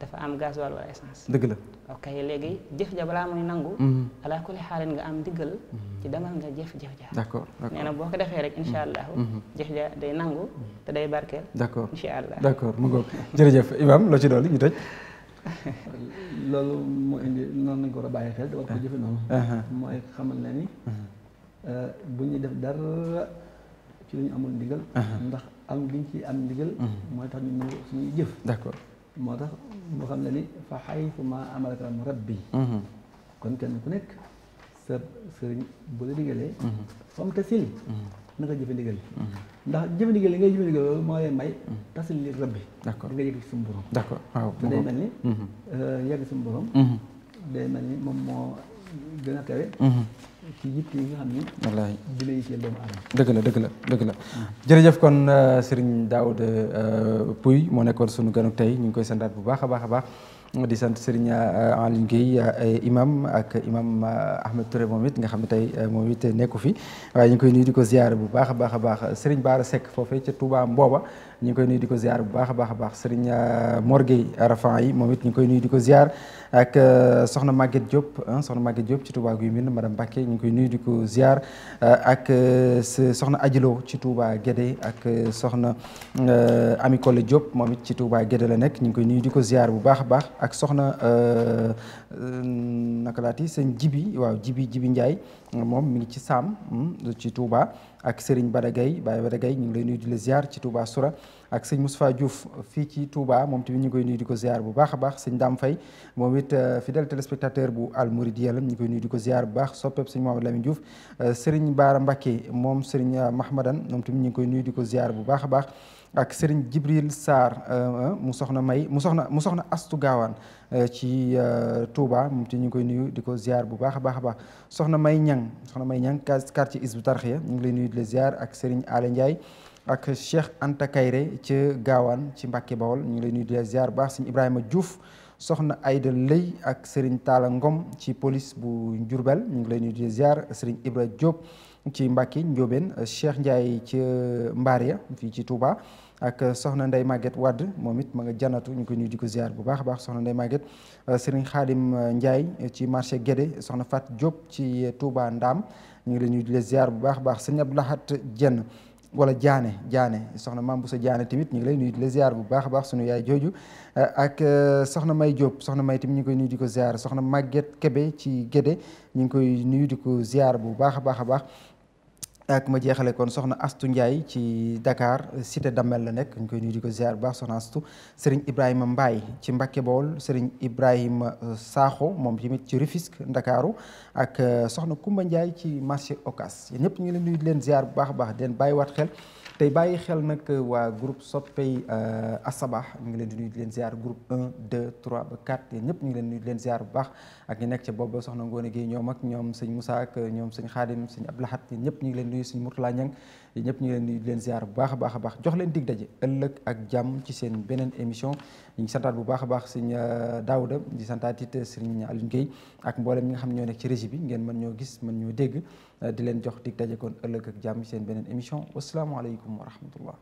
dafa am gasoil wala essence dëgg la ok léegi jëf ja balaa muy nangu mhm. ala kulli xaalin nga am diggal mhm. ci demal nga jëf jëf ja d'accord nee na boo ko defee rek insha mhm. allah jëf ja day nangu te day barkeel d'accord insha allah d'accord mu ngoog jërëjëf Imaam loo ci dolli ñu tëj loolu moo indi noonu lañ ko bàyyi xel te war ko jëfe noonu ah. uh-huh. mooy xamal na ni uh-huh. euh, bu ñuy def dara ci lu ñu amul ndigal uh-huh. ndax am liñ ci am ndigal mooy tax ñu nangu suñuy jëf moo tax mu xam ne ni fa xaytu ma amarakam rabbi mhm. kon kenn ku nekk sa sëriñ bu la digalee mhm. fam tasil mhm. na nga jëfe ndigal ndax jëfe ndigal li ngay jëfe ndigal loolu moo lay may tasil li rabbi d'accord di nga yegg ni euh, yegg suñu moom moo gën a kawe ci yitt yi nga xam ni. wallaahi di la yitteel doomu aadama. dëgg la dëgg la dëgg la ah. jërëjëf kon euh, Serigne Daouda euh, Pouy moo nekkoon sunu ganuk tey ñu ngi koy sandaat bu baax a baax a baax di sant Serigne euh, Aline Gueye imam ak imam Ahmed Touré moom it nga xam ne tey moom it nekku fi waaye ñu ngi koy nuyu di ko ziar bu baax a baax a baax Serigne Baara Seck foofee ca Touba Mbooba ñu ngi koy nuyu di ko ziar bu baax a baax a baax Serigne Mor Gueye Arafan yi moom it ñu ngi koy nuy di ko ziar. ak euh, soxna Maguette Diop soxna Maguette Diop ci Touba guy Mbind madame Mbacké ñu ngi koy nuyu di ko ziar euh, ak euh, soxna Adjilo ci tuuba Guédé ak soxna Ami Collé Diop moom it ci Touba Guédé la nekk ñu ngi koy nuyu di ko ziar bu baax a baax ak soxna naka laati sëñ Jibi waaw Jibi Jibi Ndiaye moom mu ngi ci Saam hmm, ci Touba ak Serigne Badagay baay Badagay ñu ngi lay nuyu di la ci Touba sura ak sëñ Moustapha Diouf fii ci Touba moom tamit ñu koy nuyu di ko ziar bu baax a baax sëñ Dame Faye moom it euh, fidèle téléspectateur bu Al Mouridiyyah ñu koy nuyu di ko ziar bu baax soppeeb sëñ Mouhamadou Lamine Diouf euh, sëriñ Baara Mbacké moom sëriñ euh, Mahmadan moom tamit ñu ngi koy nuyu di ko ziar bu baax a baax ak sëriñ Jibril Sarr mu soxna May mu soxna mu soxna Astu Gaawaan ci Touba moom tamit ñu ngi koy nuyu di ko ziar bu baax a baax a baax soxna May Ñang soxna May Ñang quartier Hizbut Tarqiyyah ñu ngi lay nuyu di la ak sëriñ Alé Ndiaye ak Cheikh Anta Kayre ca Gaawaan ci Mbàkke Bawol ñu ngi lay nuyu di ziar baax Ibrahima Diouf soxna Ayda ak Serigne Talla Ngom ci police bu Njurbel ñu ngi lay nuyu di ziar Serigne Ibra Diop ci Mbàkke Njóobeen Cheikh Ndiaye ca Mbaaria fii ci Touba ak soxna nday Maguette Wade moom it ma nga janatu ñu koy nuyu di ko ziar bu baax a baax soxna Ndeye Maguette euh, Serigne Khadim euh, Ndiaye ci marché Guédé soxna Fat Diop ci Touba Ndaam ñu ngi lay nuyu di ziar bu baax a baax Serigne Abdoulahat jenn wala jaane jaane soxna maam bu sa jaane tamit ñu ngi lay nuyu di la ziar bu baax a baax sunu yaay jooju eh, ak eh, soxna may Diop soxna may tamit ñu ngi koy nuyu di ko ziar soxna Maguette Kebe ci Gédé ñu ngi koy nuyu di ko ziar bu baax a baax a baax ak ma jeexale kon soxna Astu Ndiaye ci Dakar cité Damel la nekk koy nuyu di ko ziar bu baax soxna Astu Serigne Ibrahima mbaay ci Mbacké Bawol Serigne Ibrahima euh, Sakho moom tamit ci Rufisque Ndakaaru ak euh, soxna Kumba Ndiaye ci marché Ocas yéen ñëpp ñu ngi leen nuyu di leen ziar bu baax baax di leen bàyyiwaat xel tey bàyyi xel nag euh, waa groupe soppey euh, Assabax ñu ngi leen di nuyu di leen ziar groupe 1 2 3 ba 4 yéen ñëpp ñu ngi leen nuyu leen ziar bu baax ak ñi nekk ca boobu soxna Ngoone gi ñoom ak ñoom sëñ Moussa ak euh, ñoom sëñ Xaadim sëñ Ablahat yéen ñëpp ñu ngi leen nuyu sëñ Mourtala Ñang yéen ñëpp ñu leen nuyu di leen ziar bu baax a baax a baax jox leen dig daje ëllëg ak jàmm ci seen beneen émission ñu ngi bu baax a baax sëñ Daouda di santaat it sëñ Aliou Guèye ak mboolem ñi nga xam ñoo nekk ci régie bi ngeen mën ñoo gis mën ñoo dégg di leen jox dig daje kon ëllëg ak jàmm seen beneen émission wasalaamualeykum wa rahmatullah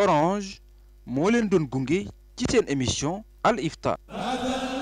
Orange moo leen doon gunge ci seen émission Al Ifta